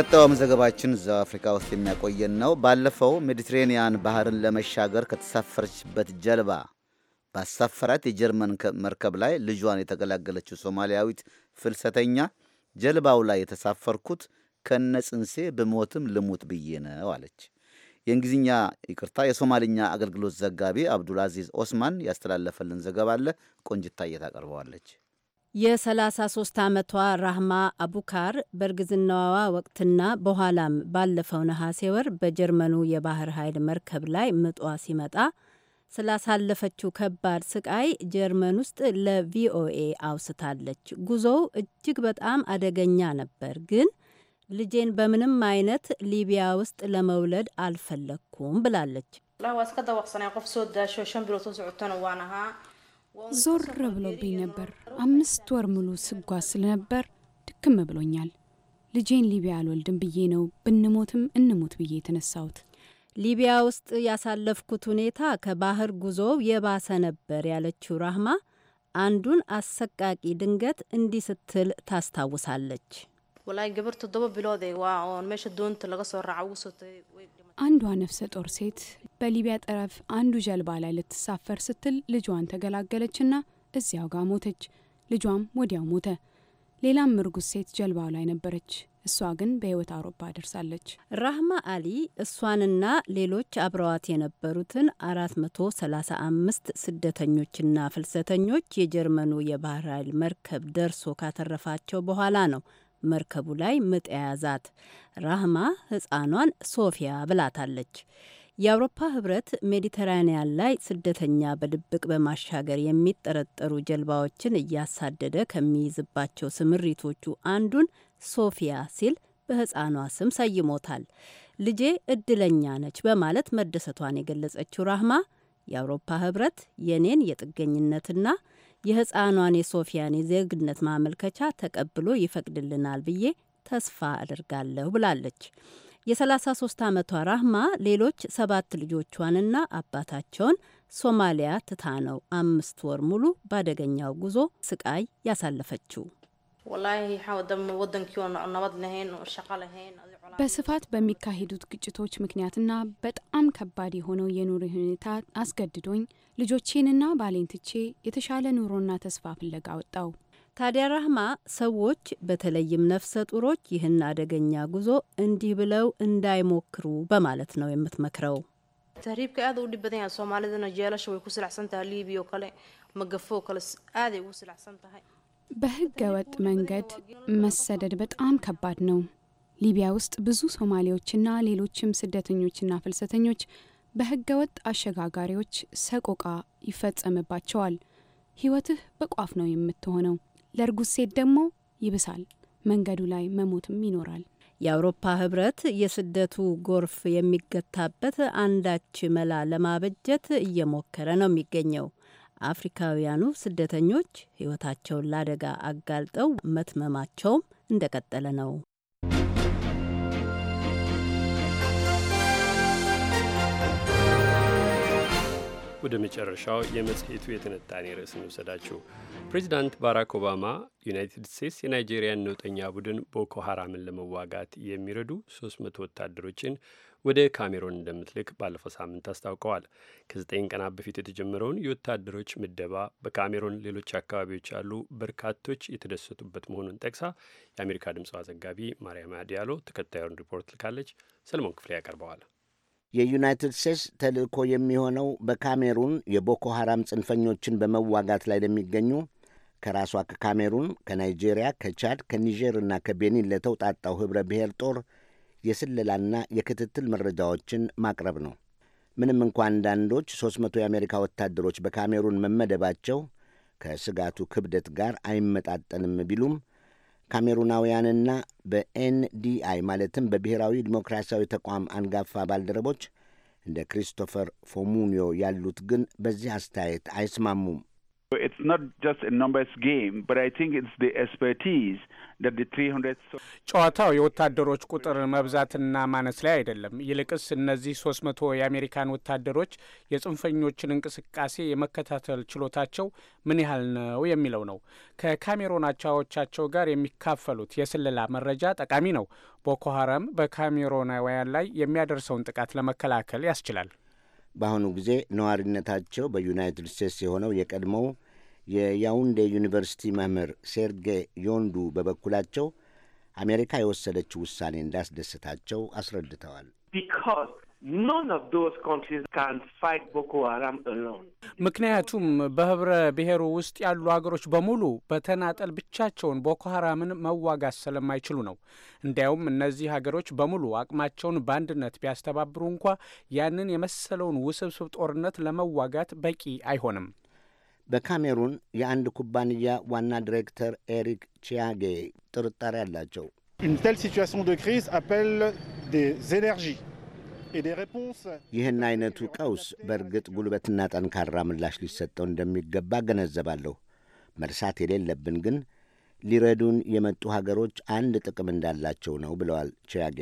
ቀጣዩም ዘገባችን እዛው አፍሪካ ውስጥ የሚያቆየን ነው። ባለፈው ሜዲትሬንያን ባህርን ለመሻገር ከተሳፈረችበት ጀልባ ባሳፈራት የጀርመን መርከብ ላይ ልጇን የተገላገለችው ሶማሊያዊት ፍልሰተኛ ጀልባው ላይ የተሳፈርኩት ከነ ጽንሴ ብሞትም ልሙት ብዬ ነው አለች። የእንግሊዝኛ ይቅርታ፣ የሶማልኛ አገልግሎት ዘጋቢ አብዱል አዚዝ ኦስማን ያስተላለፈልን ዘገባ አለ። ቆንጅታ ታቀርበዋለች። የ33 ዓመቷ ራህማ አቡካር በእርግዝናዋ ወቅትና በኋላም ባለፈው ነሐሴ ወር በጀርመኑ የባህር ኃይል መርከብ ላይ ምጧ ሲመጣ ስላሳለፈችው ከባድ ስቃይ ጀርመን ውስጥ ለቪኦኤ አውስታለች። ጉዞው እጅግ በጣም አደገኛ ነበር፣ ግን ልጄን በምንም አይነት ሊቢያ ውስጥ ለመውለድ አልፈለግኩም ብላለች። ዞር ብሎብኝ ነበር። አምስት ወር ሙሉ ስጓዝ ስለነበር ድክም ብሎኛል። ልጄን ሊቢያ አልወልድም ብዬ ነው ብንሞትም እንሞት ብዬ የተነሳሁት። ሊቢያ ውስጥ ያሳለፍኩት ሁኔታ ከባህር ጉዞው የባሰ ነበር ያለችው ራህማ አንዱን አሰቃቂ ድንገት እንዲህ ስትል ታስታውሳለች። ወላይ ግብር ትዶበ ቢሎዴ ዋ ሜሽ ዱንት ለገሶ ላጋ አንዷ ነፍሰ ጦር ሴት በሊቢያ ጠረፍ አንዱ ጀልባ ላይ ልትሳፈር ስትል ልጇን ተገላገለችና እዚያው ጋር ሞተች። ልጇም ወዲያው ሞተ። ሌላም እርጉዝ ሴት ጀልባው ላይ ነበረች። እሷ ግን በሕይወት አውሮፓ ደርሳለች። ራህማ አሊ እሷንና ሌሎች አብረዋት የነበሩትን 435 ስደተኞችና ፍልሰተኞች የጀርመኑ የባህር ኃይል መርከብ ደርሶ ካተረፋቸው በኋላ ነው መርከቡ ላይ ምጥ የያዛት። ራህማ ህፃኗን ሶፊያ ብላታለች። የአውሮፓ ህብረት ሜዲተራኒያን ላይ ስደተኛ በድብቅ በማሻገር የሚጠረጠሩ ጀልባዎችን እያሳደደ ከሚይዝባቸው ስምሪቶቹ አንዱን ሶፊያ ሲል በህፃኗ ስም ሰይሞታል። ልጄ እድለኛ ነች በማለት መደሰቷን የገለጸችው ራህማ የአውሮፓ ህብረት የኔን የጥገኝነትና የህፃኗን የሶፊያን የዜግነት ማመልከቻ ተቀብሎ ይፈቅድልናል ብዬ ተስፋ አድርጋለሁ ብላለች። የ33 ዓመቷ ራህማ ሌሎች ሰባት ልጆቿንና አባታቸውን ሶማሊያ ትታ ነው አምስት ወር ሙሉ በአደገኛው ጉዞ ስቃይ ያሳለፈችው። በስፋት በሚካሄዱት ግጭቶች ምክንያትና በጣም ከባድ የሆነው የኑሮ ሁኔታ አስገድዶኝ ልጆቼንና ባሌን ትቼ የተሻለ ኑሮና ተስፋ ፍለጋ ወጣው። ታዲያ ራህማ ሰዎች በተለይም ነፍሰ ጡሮች ይህን አደገኛ ጉዞ እንዲህ ብለው እንዳይሞክሩ በማለት ነው የምትመክረው። tahriibka aad u በተኛ ሶማሌ yahay soomaalidana jeelasha way ku silacsan tahay liibiya oo kale በህገ ወጥ መንገድ መሰደድ በጣም ከባድ ነው። ሊቢያ ውስጥ ብዙ ሶማሌዎችና ሌሎችም ስደተኞችና ፍልሰተኞች በህገወጥ አሸጋጋሪዎች ሰቆቃ ይፈጸምባቸዋል። ህይወትህ በቋፍ ነው የምትሆነው። ለእርጉዝ ሴት ደግሞ ይብሳል፣ መንገዱ ላይ መሞትም ይኖራል። የአውሮፓ ህብረት የስደቱ ጎርፍ የሚገታበት አንዳች መላ ለማበጀት እየሞከረ ነው የሚገኘው። አፍሪካውያኑ ስደተኞች ህይወታቸውን ለአደጋ አጋልጠው መትመማቸውም እንደቀጠለ ነው። ወደ መጨረሻው የመጽሔቱ የትንታኔ ርዕስ እንውሰዳችሁ። ፕሬዚዳንት ባራክ ኦባማ ዩናይትድ ስቴትስ የናይጄሪያን ነውጠኛ ቡድን ቦኮ ሀራምን ለመዋጋት የሚረዱ 300 ወታደሮችን ወደ ካሜሮን እንደምትልክ ባለፈው ሳምንት አስታውቀዋል። ከዘጠኝ ቀናት በፊት የተጀመረውን የወታደሮች ምደባ በካሜሮን ሌሎች አካባቢዎች ያሉ በርካቶች የተደሰቱበት መሆኑን ጠቅሳ የአሜሪካ ድምፅ ዘጋቢ ማርያም ዲያሎ ተከታዩን ሪፖርት ልካለች። ሰለሞን ክፍሌ ያቀርበዋል። የዩናይትድ ስቴትስ ተልእኮ የሚሆነው በካሜሩን የቦኮ ሐራም ጽንፈኞችን በመዋጋት ላይ ለሚገኙ ከራሷ ከካሜሩን፣ ከናይጄሪያ፣ ከቻድ፣ ከኒጀር እና ከቤኒን ለተውጣጣው ኅብረ ብሔር ጦር የስለላና የክትትል መረጃዎችን ማቅረብ ነው። ምንም እንኳ አንዳንዶች 300 የአሜሪካ ወታደሮች በካሜሩን መመደባቸው ከስጋቱ ክብደት ጋር አይመጣጠንም ቢሉም ካሜሩናውያንና በኤንዲአይ ማለትም በብሔራዊ ዲሞክራሲያዊ ተቋም አንጋፋ ባልደረቦች እንደ ክሪስቶፈር ፎሙኒዮ ያሉት ግን በዚህ አስተያየት አይስማሙም። ጨዋታው የወታደሮች ቁጥር መብዛትና ማነስ ላይ አይደለም። ይልቅስ እነዚህ ሶስት የአሜሪካን ወታደሮች የጽንፈኞችን እንቅስቃሴ የመከታተል ችሎታቸው ምን ያህል ነው የሚለው ነው። ከካሜሮን አቻዎቻቸው ጋር የሚካፈሉት የስለላ መረጃ ጠቃሚ ነው። ቦኮ ሀራም በካሜሮናውያን ላይ የሚያደርሰውን ጥቃት ለመከላከል ያስችላል። በአሁኑ ጊዜ ነዋሪነታቸው በዩናይትድ ስቴትስ የሆነው የቀድሞው የያውንዴ ዩኒቨርሲቲ መምህር ሴርጌ ዮንዱ በበኩላቸው አሜሪካ የወሰደችው ውሳኔ እንዳስደሰታቸው አስረድተዋል። ምክንያቱም በህብረ ብሔሩ ውስጥ ያሉ ሀገሮች በሙሉ በተናጠል ብቻቸውን ቦኮ ሀራምን መዋጋት ስለማይችሉ ነው። እንዲያውም እነዚህ ሀገሮች በሙሉ አቅማቸውን በአንድነት ቢያስተባብሩ እንኳ ያንን የመሰለውን ውስብስብ ጦርነት ለመዋጋት በቂ አይሆንም። በካሜሩን የአንድ ኩባንያ ዋና ዲሬክተር ኤሪክ ቺያጌ ጥርጣሬ አላቸው። ይህን አይነቱ ቀውስ በእርግጥ ጉልበትና ጠንካራ ምላሽ ሊሰጠው እንደሚገባ ገነዘባለሁ። መርሳት የሌለብን ግን ሊረዱን የመጡ ሀገሮች አንድ ጥቅም እንዳላቸው ነው ብለዋል ቺያጌ።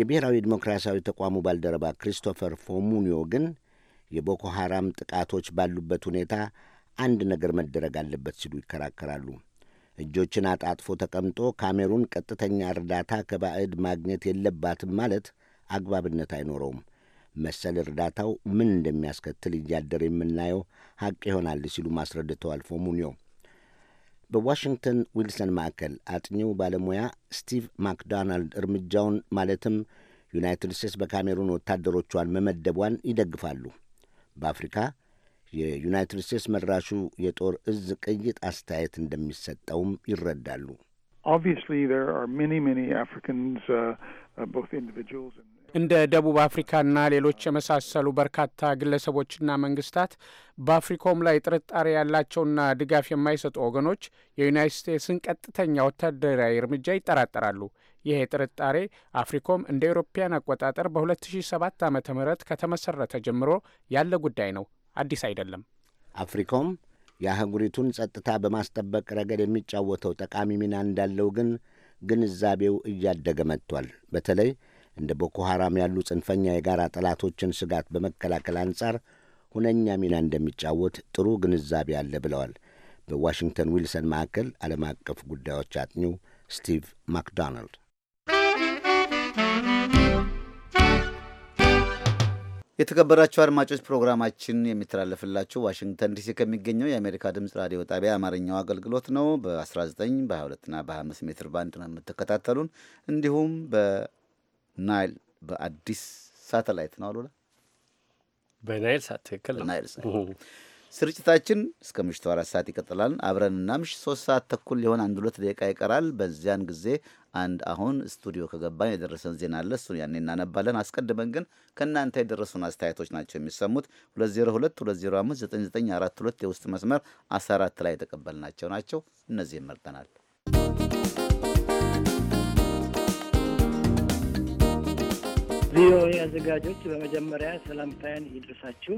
የብሔራዊ ዲሞክራሲያዊ ተቋሙ ባልደረባ ክሪስቶፈር ፎሙኒዮ ግን የቦኮ ሐራም ጥቃቶች ባሉበት ሁኔታ አንድ ነገር መደረግ አለበት ሲሉ ይከራከራሉ። እጆችን አጣጥፎ ተቀምጦ ካሜሩን ቀጥተኛ እርዳታ ከባዕድ ማግኘት የለባትም ማለት አግባብነት አይኖረውም። መሰል እርዳታው ምን እንደሚያስከትል እያደር የምናየው ሐቅ ይሆናል ሲሉ አስረድተዋል ፎሙኒዮ። በዋሽንግተን ዊልሰን ማዕከል አጥኚው ባለሙያ ስቲቭ ማክዶናልድ እርምጃውን ማለትም ዩናይትድ ስቴትስ በካሜሩን ወታደሮቿን መመደቧን ይደግፋሉ። በአፍሪካ የዩናይትድ ስቴትስ መድራሹ የጦር እዝ ቅይጥ አስተያየት እንደሚሰጠውም ይረዳሉ። uh, uh, እንደ ደቡብ አፍሪካና ሌሎች የመሳሰሉ በርካታ ግለሰቦችና መንግስታት በአፍሪኮም ላይ ጥርጣሬ ያላቸውና ድጋፍ የማይሰጡ ወገኖች የዩናይት ስቴትስን ቀጥተኛ ወታደራዊ እርምጃ ይጠራጠራሉ። ይሄ ጥርጣሬ አፍሪኮም እንደ ኤሮፓያን አቆጣጠር በ2007 ዓ ም ከተመሰረተ ጀምሮ ያለ ጉዳይ ነው፣ አዲስ አይደለም። አፍሪኮም የአህጉሪቱን ጸጥታ በማስጠበቅ ረገድ የሚጫወተው ጠቃሚ ሚና እንዳለው ግን ግንዛቤው እያደገ መጥቷል። በተለይ እንደ ቦኮ ሐራም ያሉ ጽንፈኛ የጋራ ጠላቶችን ስጋት በመከላከል አንጻር ሁነኛ ሚና እንደሚጫወት ጥሩ ግንዛቤ አለ ብለዋል በዋሽንግተን ዊልሰን ማዕከል ዓለም አቀፍ ጉዳዮች አጥኚው ስቲቭ ማክዶናልድ። የተከበራችሁ አድማጮች ፕሮግራማችን የሚተላለፍላችሁ ዋሽንግተን ዲሲ ከሚገኘው የአሜሪካ ድምፅ ራዲዮ ጣቢያ አማርኛው አገልግሎት ነው። በ19 በ22ና በ25 ሜትር ባንድ ነው የምትከታተሉን። እንዲሁም በናይል በአዲስ ሳተላይት ነው አሉላ በናይል ሳት ትክክል ናይል ስርጭታችን እስከ ምሽቱ አራት ሰዓት ይቀጥላል። አብረን እናምሽ። ሶስት ሰዓት ተኩል ሊሆን አንድ ሁለት ደቂቃ ይቀራል። በዚያን ጊዜ አንድ አሁን ስቱዲዮ ከገባን የደረሰን ዜና አለ። እሱን ያኔ እናነባለን። አስቀድመን ግን ከእናንተ የደረሱን አስተያየቶች ናቸው የሚሰሙት። 2022059942 የውስጥ መስመር 14 ላይ የተቀበልናቸው ናቸው። እነዚህም መርጠናል። ቪኦኤ አዘጋጆች በመጀመሪያ ሰላምታያን ይድረሳችሁ።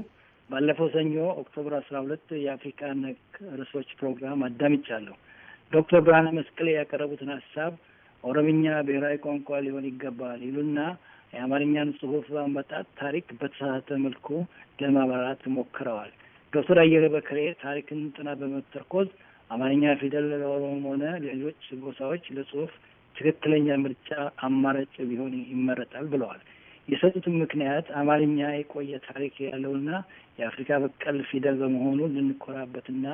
ባለፈው ሰኞ ኦክቶብር አስራ ሁለት የአፍሪካ ነክ ርዕሶች ፕሮግራም አዳምጫለሁ። ዶክተር ብርሃነ መስቀል ያቀረቡትን ሀሳብ ኦሮምኛ ብሔራዊ ቋንቋ ሊሆን ይገባል ይሉና የአማርኛን ጽሁፍ በማምጣት ታሪክ በተሳሳተ መልኩ ለማብራራት ሞክረዋል። ዶክተር አየለ በክሬ ታሪክን ጥናት በመተርኮዝ አማርኛ ፊደል ለኦሮሞም ሆነ ለሌሎች ጎሳዎች ለጽሁፍ ትክክለኛ ምርጫ አማራጭ ቢሆን ይመረጣል ብለዋል። የሰጡትን ምክንያት አማርኛ የቆየ ታሪክ ያለውና የአፍሪካ በቀል ፊደል በመሆኑ ልንኮራበትና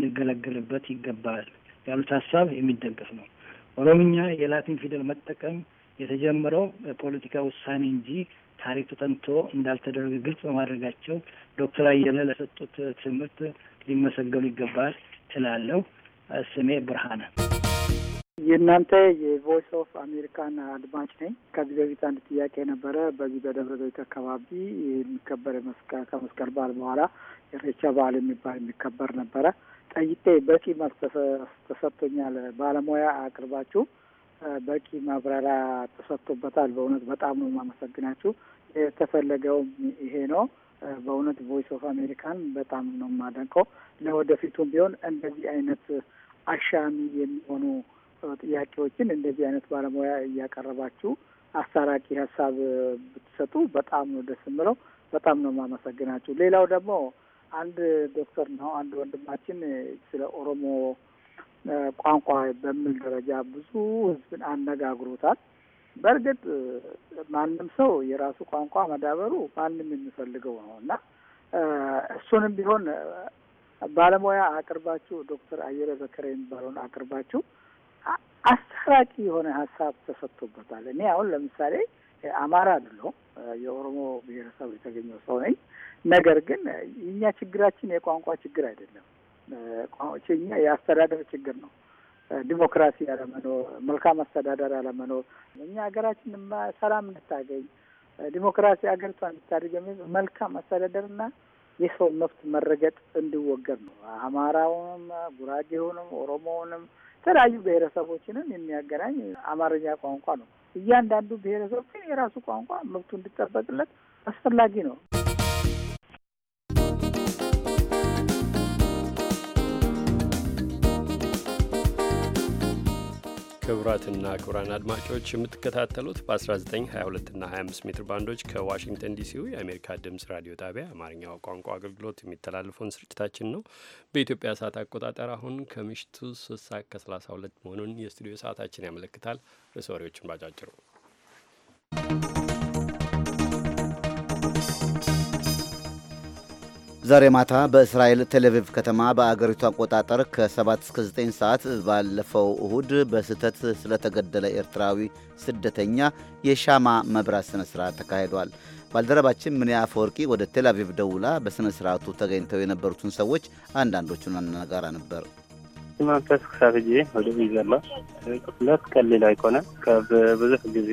ልንገለገልበት ይገባል ያሉት ሀሳብ የሚደገፍ ነው። ኦሮምኛ የላቲን ፊደል መጠቀም የተጀመረው ፖለቲካ ውሳኔ እንጂ ታሪክ ተጠንቶ እንዳልተደረገ ግልጽ በማድረጋቸው ዶክተር አየለ ለሰጡት ትምህርት ሊመሰገኑ ይገባል ትላለው። ስሜ ብርሃነ የእናንተ የቮይስ ኦፍ አሜሪካን አድማጭ ነኝ። ከዚህ በፊት አንድ ጥያቄ ነበረ። በዚህ በደብረ ዘይት አካባቢ የሚከበር ከመስቀል በዓል በኋላ የሬቻ በዓል የሚባል የሚከበር ነበረ። ጠይቄ በቂ መልስ ተሰጥቶኛል። ባለሙያ አቅርባችሁ በቂ ማብራሪያ ተሰጥቶበታል። በእውነት በጣም ነው የማመሰግናችሁ። የተፈለገውም ይሄ ነው። በእውነት ቮይስ ኦፍ አሜሪካን በጣም ነው የማደንቀው። ለወደፊቱም ቢሆን እንደዚህ አይነት አሻሚ የሚሆኑ ጥያቄዎችን እንደዚህ አይነት ባለሙያ እያቀረባችሁ አሳራቂ ሀሳብ ብትሰጡ በጣም ነው ደስ የምለው። በጣም ነው የማመሰግናችሁ። ሌላው ደግሞ አንድ ዶክተር ነው አንድ ወንድማችን ስለ ኦሮሞ ቋንቋ በሚል ደረጃ ብዙ ህዝብን አነጋግሮታል። በእርግጥ ማንም ሰው የራሱ ቋንቋ መዳበሩ ማንም የሚፈልገው ነው እና እሱንም ቢሆን ባለሙያ አቅርባችሁ ዶክተር አየለ በከረ የሚባለውን አቅርባችሁ አስታራቂ የሆነ ሀሳብ ተሰጥቶበታል። እኔ አሁን ለምሳሌ አማራ አይደለሁም፣ የኦሮሞ ብሔረሰብ የተገኘው ሰው ነኝ። ነገር ግን እኛ ችግራችን የቋንቋ ችግር አይደለም። ቋንቋኛ የአስተዳደር ችግር ነው። ዲሞክራሲ አለመኖር፣ መልካም አስተዳደር አለመኖር እኛ ሀገራችን ሰላም እንድታገኝ ዲሞክራሲ ሀገሪቷ እንድታደርግ መልካም አስተዳደርና የሰው መብት መረገጥ እንዲወገድ ነው። አማራውንም፣ ጉራጌውንም፣ ኦሮሞውንም የተለያዩ ብሔረሰቦችንም የሚያገናኝ አማርኛ ቋንቋ ነው። እያንዳንዱ ብሔረሰብ የራሱ ቋንቋ መብቱ እንዲጠበቅለት አስፈላጊ ነው። ክቡራትና ክቡራን አድማጮች የምትከታተሉት በ1922 እና 25 ሜትር ባንዶች ከዋሽንግተን ዲሲው የአሜሪካ ድምፅ ራዲዮ ጣቢያ አማርኛው ቋንቋ አገልግሎት የሚተላለፈውን ስርጭታችን ነው። በኢትዮጵያ ሰዓት አቆጣጠር አሁን ከምሽቱ 3 ሰዓት ከ32 መሆኑን የስቱዲዮ ሰዓታችን ያመለክታል። ርዕሰ ወሬዎችን ባጫጭሩ ዛሬ ማታ በእስራኤል ቴሌቪቭ ከተማ በአገሪቱ አቆጣጠር ከ7 እስከ 9 ሰዓት ባለፈው እሁድ በስህተት ስለተገደለ ኤርትራዊ ስደተኛ የሻማ መብራት ስነ ስርዓት ተካሂዷል። ባልደረባችን ምንያ አፈወርቂ ወደ ቴላቪቭ ደውላ በስነ ስርዓቱ ተገኝተው የነበሩትን ሰዎች አንዳንዶቹን አነጋግራ ነበር። መንፈስ ክሳብ ጊዜ ወደዚ ዘሎ ቅፍለት ቀሊል ኣይኮነን ካብ ብዙሕ ግዜ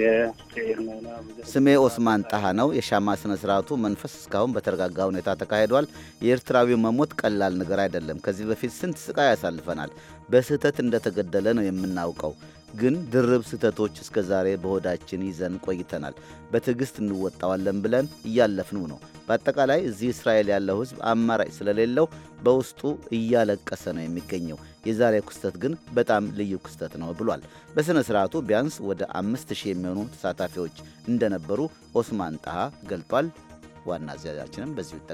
ስሜ ኦስማን ጣሃ ነው። የሻማ ስነ ስርዓቱ መንፈስ እስካሁን በተረጋጋ ሁኔታ ተካሂዷል። የኤርትራዊው መሞት ቀላል ነገር አይደለም። ከዚህ በፊት ስንት ስቃይ ያሳልፈናል። በስህተት እንደተገደለ ነው የምናውቀው። ግን ድርብ ስህተቶች እስከ ዛሬ በሆዳችን ይዘን ቆይተናል። በትዕግስት እንወጣዋለን ብለን እያለፍንው ነው። በአጠቃላይ እዚህ እስራኤል ያለው ህዝብ አማራጭ ስለሌለው በውስጡ እያለቀሰ ነው የሚገኘው። የዛሬ ክስተት ግን በጣም ልዩ ክስተት ነው ብሏል። በሥነ ሥርዓቱ ቢያንስ ወደ አምስት ሺህ የሚሆኑ ተሳታፊዎች እንደነበሩ ኦስማን ጣሃ ገልጧል። ዋና አዘጋጃችንም በዚሁ ይጠቃልላል።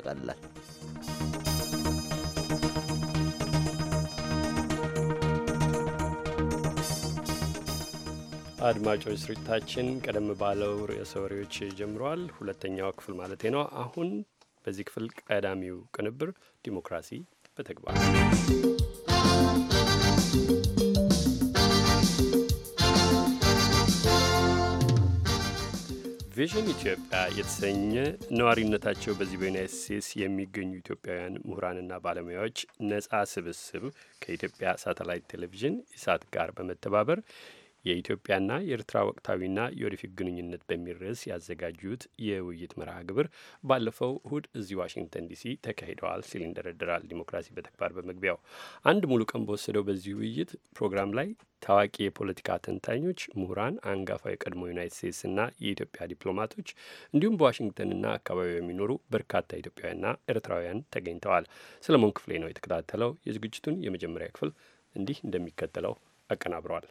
አድማጮች ስርጭታችን ቀደም ባለው ርዕሰ ወሬዎች ጀምረዋል። ሁለተኛው ክፍል ማለት ነው። አሁን በዚህ ክፍል ቀዳሚው ቅንብር ዲሞክራሲ በተግባር ቪዥን ኢትዮጵያ የተሰኘ ነዋሪነታቸው በዚህ በዩናይት ስቴትስ የሚገኙ ኢትዮጵያውያን ምሁራንና ባለሙያዎች ነጻ ስብስብ ከኢትዮጵያ ሳተላይት ቴሌቪዥን ኢሳት ጋር በመተባበር የኢትዮጵያና የኤርትራ ወቅታዊና የወደፊት ግንኙነት በሚል ርዕስ ያዘጋጁት የውይይት መርሃ ግብር ባለፈው እሁድ እዚህ ዋሽንግተን ዲሲ ተካሂደዋል ሲል ይንደረደራል ዲሞክራሲ በተግባር በመግቢያው። አንድ ሙሉ ቀን በወሰደው በዚህ ውይይት ፕሮግራም ላይ ታዋቂ የፖለቲካ ተንታኞች፣ ምሁራን፣ አንጋፋ የቀድሞ ዩናይት ስቴትስና የኢትዮጵያ ዲፕሎማቶች እንዲሁም በዋሽንግተንና አካባቢው የሚኖሩ በርካታ ኢትዮጵያውያንና ኤርትራውያን ተገኝተዋል። ሰለሞን ክፍሌ ነው የተከታተለው። የዝግጅቱን የመጀመሪያ ክፍል እንዲህ እንደሚከተለው አቀናብረዋል።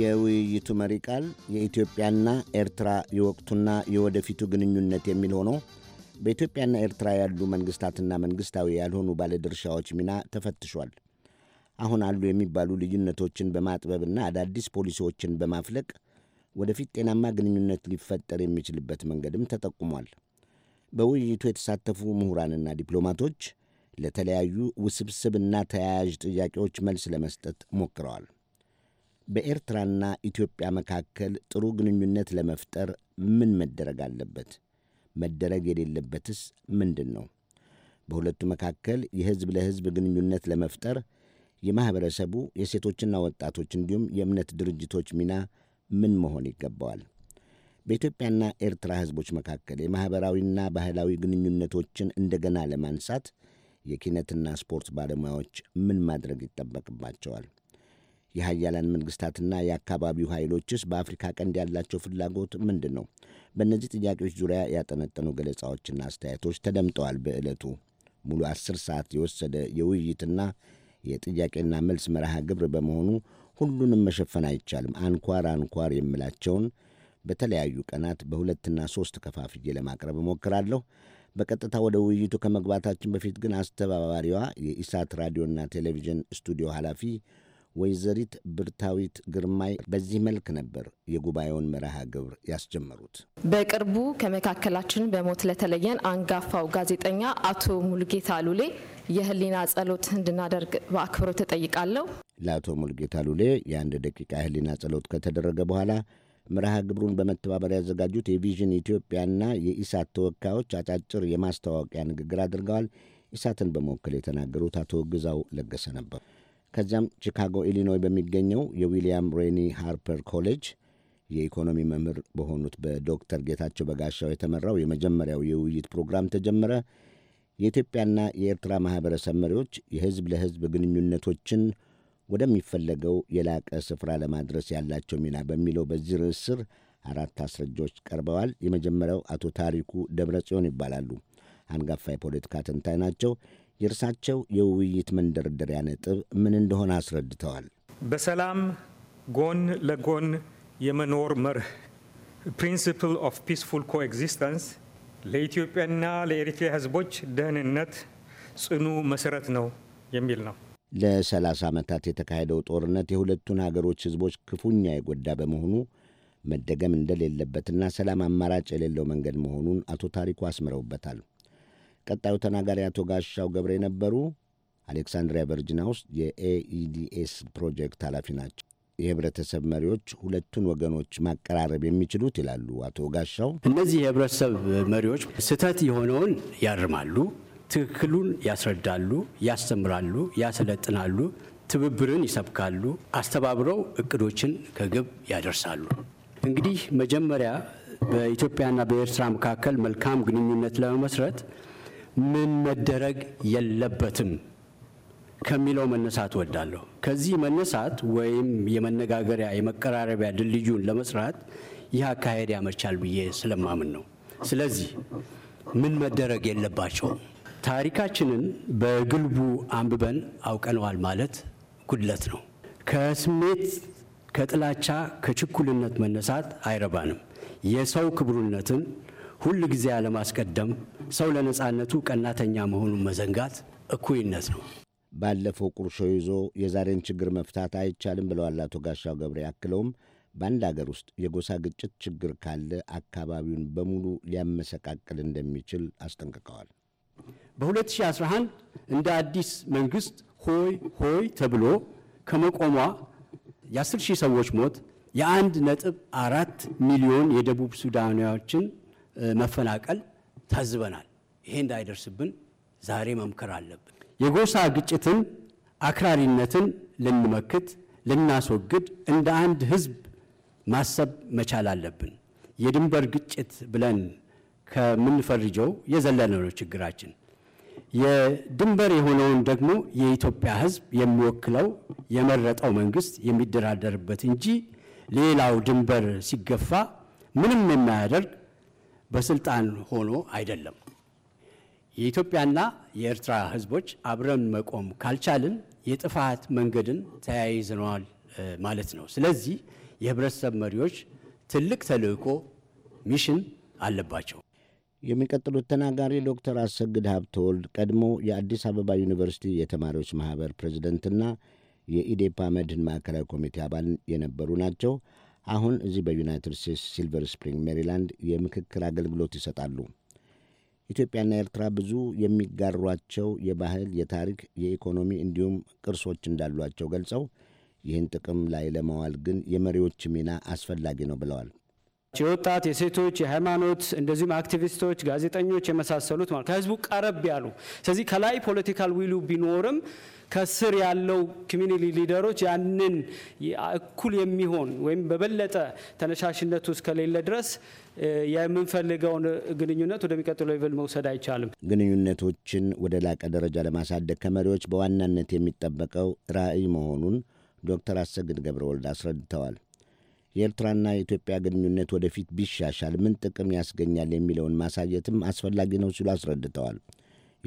የውይይቱ መሪ ቃል የኢትዮጵያና ኤርትራ የወቅቱና የወደፊቱ ግንኙነት የሚል ሆኖ በኢትዮጵያና ኤርትራ ያሉ መንግሥታትና መንግሥታዊ ያልሆኑ ባለድርሻዎች ሚና ተፈትሿል። አሁን አሉ የሚባሉ ልዩነቶችን በማጥበብና አዳዲስ ፖሊሲዎችን በማፍለቅ ወደፊት ጤናማ ግንኙነት ሊፈጠር የሚችልበት መንገድም ተጠቁሟል። በውይይቱ የተሳተፉ ምሁራንና ዲፕሎማቶች ለተለያዩ ውስብስብና ተያያዥ ጥያቄዎች መልስ ለመስጠት ሞክረዋል። በኤርትራና ኢትዮጵያ መካከል ጥሩ ግንኙነት ለመፍጠር ምን መደረግ አለበት? መደረግ የሌለበትስ ምንድን ነው? በሁለቱ መካከል የሕዝብ ለሕዝብ ግንኙነት ለመፍጠር የማኅበረሰቡ የሴቶችና ወጣቶች እንዲሁም የእምነት ድርጅቶች ሚና ምን መሆን ይገባዋል? በኢትዮጵያና ኤርትራ ሕዝቦች መካከል የማኅበራዊና ባህላዊ ግንኙነቶችን እንደገና ለማንሳት የኪነትና ስፖርት ባለሙያዎች ምን ማድረግ ይጠበቅባቸዋል? የሀያላን መንግስታትና የአካባቢው ኃይሎችስ በአፍሪካ ቀንድ ያላቸው ፍላጎት ምንድን ነው? በእነዚህ ጥያቄዎች ዙሪያ ያጠነጠኑ ገለጻዎችና አስተያየቶች ተደምጠዋል። በዕለቱ ሙሉ አስር ሰዓት የወሰደ የውይይትና የጥያቄና መልስ መርሃ ግብር በመሆኑ ሁሉንም መሸፈን አይቻልም። አንኳር አንኳር የምላቸውን በተለያዩ ቀናት በሁለትና ሶስት ከፋፍዬ ለማቅረብ እሞክራለሁ። በቀጥታ ወደ ውይይቱ ከመግባታችን በፊት ግን አስተባባሪዋ የኢሳት ራዲዮና ቴሌቪዥን ስቱዲዮ ኃላፊ ወይዘሪት ብርታዊት ግርማይ በዚህ መልክ ነበር የጉባኤውን መርሃ ግብር ያስጀመሩት። በቅርቡ ከመካከላችን በሞት ለተለየን አንጋፋው ጋዜጠኛ አቶ ሙልጌታ ሉሌ የህሊና ጸሎት እንድናደርግ በአክብሮት ተጠይቃለሁ። ለአቶ ሙልጌታ ሉሌ የአንድ ደቂቃ የህሊና ጸሎት ከተደረገ በኋላ መርሃ ግብሩን በመተባበር ያዘጋጁት የቪዥን ኢትዮጵያና የኢሳት ተወካዮች አጫጭር የማስታወቂያ ንግግር አድርገዋል። ኢሳትን በመወከል የተናገሩት አቶ ግዛው ለገሰ ነበሩ። ከዚያም ቺካጎ ኢሊኖይ በሚገኘው የዊልያም ሬኒ ሃርፐር ኮሌጅ የኢኮኖሚ መምህር በሆኑት በዶክተር ጌታቸው በጋሻው የተመራው የመጀመሪያው የውይይት ፕሮግራም ተጀመረ። የኢትዮጵያና የኤርትራ ማኅበረሰብ መሪዎች የሕዝብ ለሕዝብ ግንኙነቶችን ወደሚፈለገው የላቀ ስፍራ ለማድረስ ያላቸው ሚና በሚለው በዚህ ርዕስ ስር አራት አስረጃዎች ቀርበዋል። የመጀመሪያው አቶ ታሪኩ ደብረ ጽዮን ይባላሉ። አንጋፋ የፖለቲካ ተንታኝ ናቸው። የእርሳቸው የውይይት መንደርደሪያ ነጥብ ምን እንደሆነ አስረድተዋል። በሰላም ጎን ለጎን የመኖር መርህ ፕሪንስፕል ኦፍ ፒስፉል ኮኤግዚስተንስ ለኢትዮጵያና ለኤሪትሪያ ሕዝቦች ደህንነት ጽኑ መሰረት ነው የሚል ነው። ለ30 ዓመታት የተካሄደው ጦርነት የሁለቱን ሀገሮች ሕዝቦች ክፉኛ የጎዳ በመሆኑ መደገም እንደሌለበትና ሰላም አማራጭ የሌለው መንገድ መሆኑን አቶ ታሪኩ አስምረውበታል። ቀጣዩ ተናጋሪ አቶ ጋሻው ገብሬ ነበሩ። አሌክሳንድሪያ ቨርጂና ውስጥ የኤኢዲኤስ ፕሮጀክት ኃላፊ ናቸው። የህብረተሰብ መሪዎች ሁለቱን ወገኖች ማቀራረብ የሚችሉት ይላሉ አቶ ጋሻው። እነዚህ የህብረተሰብ መሪዎች ስህተት የሆነውን ያርማሉ፣ ትክክሉን ያስረዳሉ፣ ያስተምራሉ፣ ያሰለጥናሉ፣ ትብብርን ይሰብካሉ፣ አስተባብረው እቅዶችን ከግብ ያደርሳሉ። እንግዲህ መጀመሪያ በኢትዮጵያና በኤርትራ መካከል መልካም ግንኙነት ለመመስረት ምን መደረግ የለበትም ከሚለው መነሳት ወዳለሁ። ከዚህ መነሳት ወይም የመነጋገሪያ የመቀራረቢያ ድልድዩን ለመስራት ይህ አካሄድ ያመቻል ብዬ ስለማምን ነው። ስለዚህ ምን መደረግ የለባቸውም ታሪካችንን በግልቡ አንብበን አውቀነዋል ማለት ጉድለት ነው። ከስሜት ከጥላቻ፣ ከችኩልነት መነሳት አይረባንም። የሰው ክቡርነትን ሁል ጊዜ አለማስቀደም፣ ሰው ለነፃነቱ ቀናተኛ መሆኑን መዘንጋት እኩይነት ነው። ባለፈው ቁርሾ ይዞ የዛሬን ችግር መፍታት አይቻልም ብለዋል አቶ ጋሻው ገብሬ። አክለውም በአንድ አገር ውስጥ የጎሳ ግጭት ችግር ካለ አካባቢውን በሙሉ ሊያመሰቃቅል እንደሚችል አስጠንቅቀዋል። በ2011 እንደ አዲስ መንግሥት ሆይ ሆይ ተብሎ ከመቆሟ የ10 ሺህ ሰዎች ሞት የአንድ ነጥብ አራት ሚሊዮን የደቡብ ሱዳናዎችን መፈናቀል ታዝበናል። ይሄ እንዳይደርስብን ዛሬ መምከር አለብን። የጎሳ ግጭትን፣ አክራሪነትን ልንመክት ልናስወግድ እንደ አንድ ህዝብ ማሰብ መቻል አለብን። የድንበር ግጭት ብለን ከምንፈርጀው የዘለለ ነው ችግራችን። የድንበር የሆነውን ደግሞ የኢትዮጵያ ህዝብ የሚወክለው የመረጠው መንግስት የሚደራደርበት እንጂ ሌላው ድንበር ሲገፋ ምንም የማያደርግ በስልጣን ሆኖ አይደለም። የኢትዮጵያና የኤርትራ ህዝቦች አብረን መቆም ካልቻልን የጥፋት መንገድን ተያይዘነዋል ማለት ነው። ስለዚህ የህብረተሰብ መሪዎች ትልቅ ተልእኮ ሚሽን አለባቸው። የሚቀጥሉት ተናጋሪ ዶክተር አሰግድ ሀብተወልድ ቀድሞ የአዲስ አበባ ዩኒቨርሲቲ የተማሪዎች ማህበር ፕሬዚደንትና የኢዴፓ መድህን ማዕከላዊ ኮሚቴ አባል የነበሩ ናቸው። አሁን እዚህ በዩናይትድ ስቴትስ ሲልቨር ስፕሪንግ ሜሪላንድ የምክክር አገልግሎት ይሰጣሉ። ኢትዮጵያና ኤርትራ ብዙ የሚጋሯቸው የባህል፣ የታሪክ፣ የኢኮኖሚ እንዲሁም ቅርሶች እንዳሏቸው ገልጸው ይህን ጥቅም ላይ ለማዋል ግን የመሪዎች ሚና አስፈላጊ ነው ብለዋል። የወጣት የሴቶች የሃይማኖት እንደዚሁም አክቲቪስቶች፣ ጋዜጠኞች የመሳሰሉት ማለት ከህዝቡ ቀረብ ያሉ ስለዚህ ከላይ ፖለቲካል ዊሉ ቢኖርም ከስር ያለው ኮሚኒቲ ሊደሮች ያንን እኩል የሚሆን ወይም በበለጠ ተነሻሽነቱ እስከሌለ ድረስ የምንፈልገውን ግንኙነት ወደሚቀጥለው ሌቭል መውሰድ አይቻልም። ግንኙነቶችን ወደ ላቀ ደረጃ ለማሳደግ ከመሪዎች በዋናነት የሚጠበቀው ራዕይ መሆኑን ዶክተር አሰግድ ገብረ ወልድ አስረድተዋል። የኤርትራና የኢትዮጵያ ግንኙነት ወደፊት ቢሻሻል ምን ጥቅም ያስገኛል የሚለውን ማሳየትም አስፈላጊ ነው ሲሉ አስረድተዋል።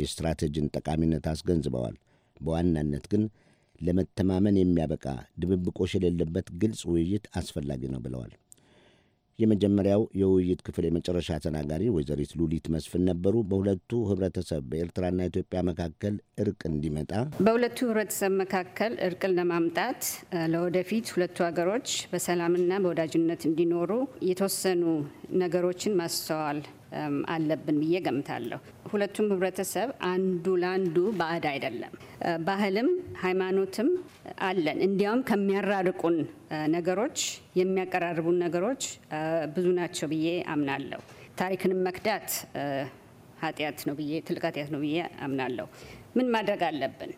የስትራቴጂን ጠቃሚነት አስገንዝበዋል። በዋናነት ግን ለመተማመን የሚያበቃ ድብብቆሽ የሌለበት ግልጽ ውይይት አስፈላጊ ነው ብለዋል። የመጀመሪያው የውይይት ክፍል የመጨረሻ ተናጋሪ ወይዘሪት ሉሊት መስፍን ነበሩ። በሁለቱ ህብረተሰብ በኤርትራና ኢትዮጵያ መካከል እርቅ እንዲመጣ በሁለቱ ህብረተሰብ መካከል እርቅን ለማምጣት ለወደፊት ሁለቱ ሀገሮች በሰላምና በወዳጅነት እንዲኖሩ የተወሰኑ ነገሮችን ማስተዋል አለብን ብዬ ገምታለሁ። ሁለቱም ህብረተሰብ አንዱ ለአንዱ ባዕድ አይደለም። ባህልም ሃይማኖትም አለን። እንዲያውም ከሚያራርቁን ነገሮች የሚያቀራርቡን ነገሮች ብዙ ናቸው ብዬ አምናለሁ። ታሪክንም መክዳት ኃጢአት ነው ብዬ ትልቅ ኃጢአት ነው ብዬ አምናለሁ። ምን ማድረግ አለብን?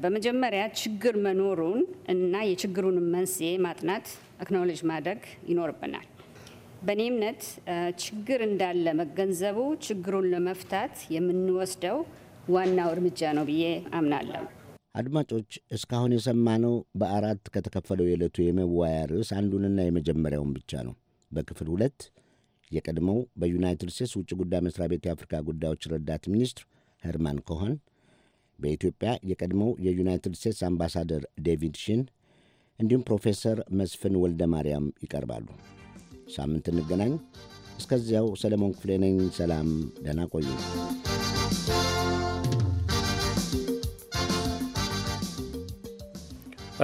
በመጀመሪያ ችግር መኖሩን እና የችግሩን መንስኤ ማጥናት አክኖሎጅ ማድረግ ይኖርብናል። በእኔ እምነት ችግር እንዳለ መገንዘቡ ችግሩን ለመፍታት የምንወስደው ዋናው እርምጃ ነው ብዬ አምናለሁ። አድማጮች፣ እስካሁን የሰማነው በአራት ከተከፈለው የዕለቱ የመወያያ ርዕስ አንዱንና የመጀመሪያውን ብቻ ነው። በክፍል ሁለት የቀድሞው በዩናይትድ ስቴትስ ውጭ ጉዳይ መስሪያ ቤት የአፍሪካ ጉዳዮች ረዳት ሚኒስትር ሄርማን ኮሆን፣ በኢትዮጵያ የቀድሞው የዩናይትድ ስቴትስ አምባሳደር ዴቪድ ሺን እንዲሁም ፕሮፌሰር መስፍን ወልደ ማርያም ይቀርባሉ። ሳምንት እንገናኝ። እስከዚያው ሰለሞን ክፍሌ ነኝ። ሰላም፣ ደህና ቆዩ።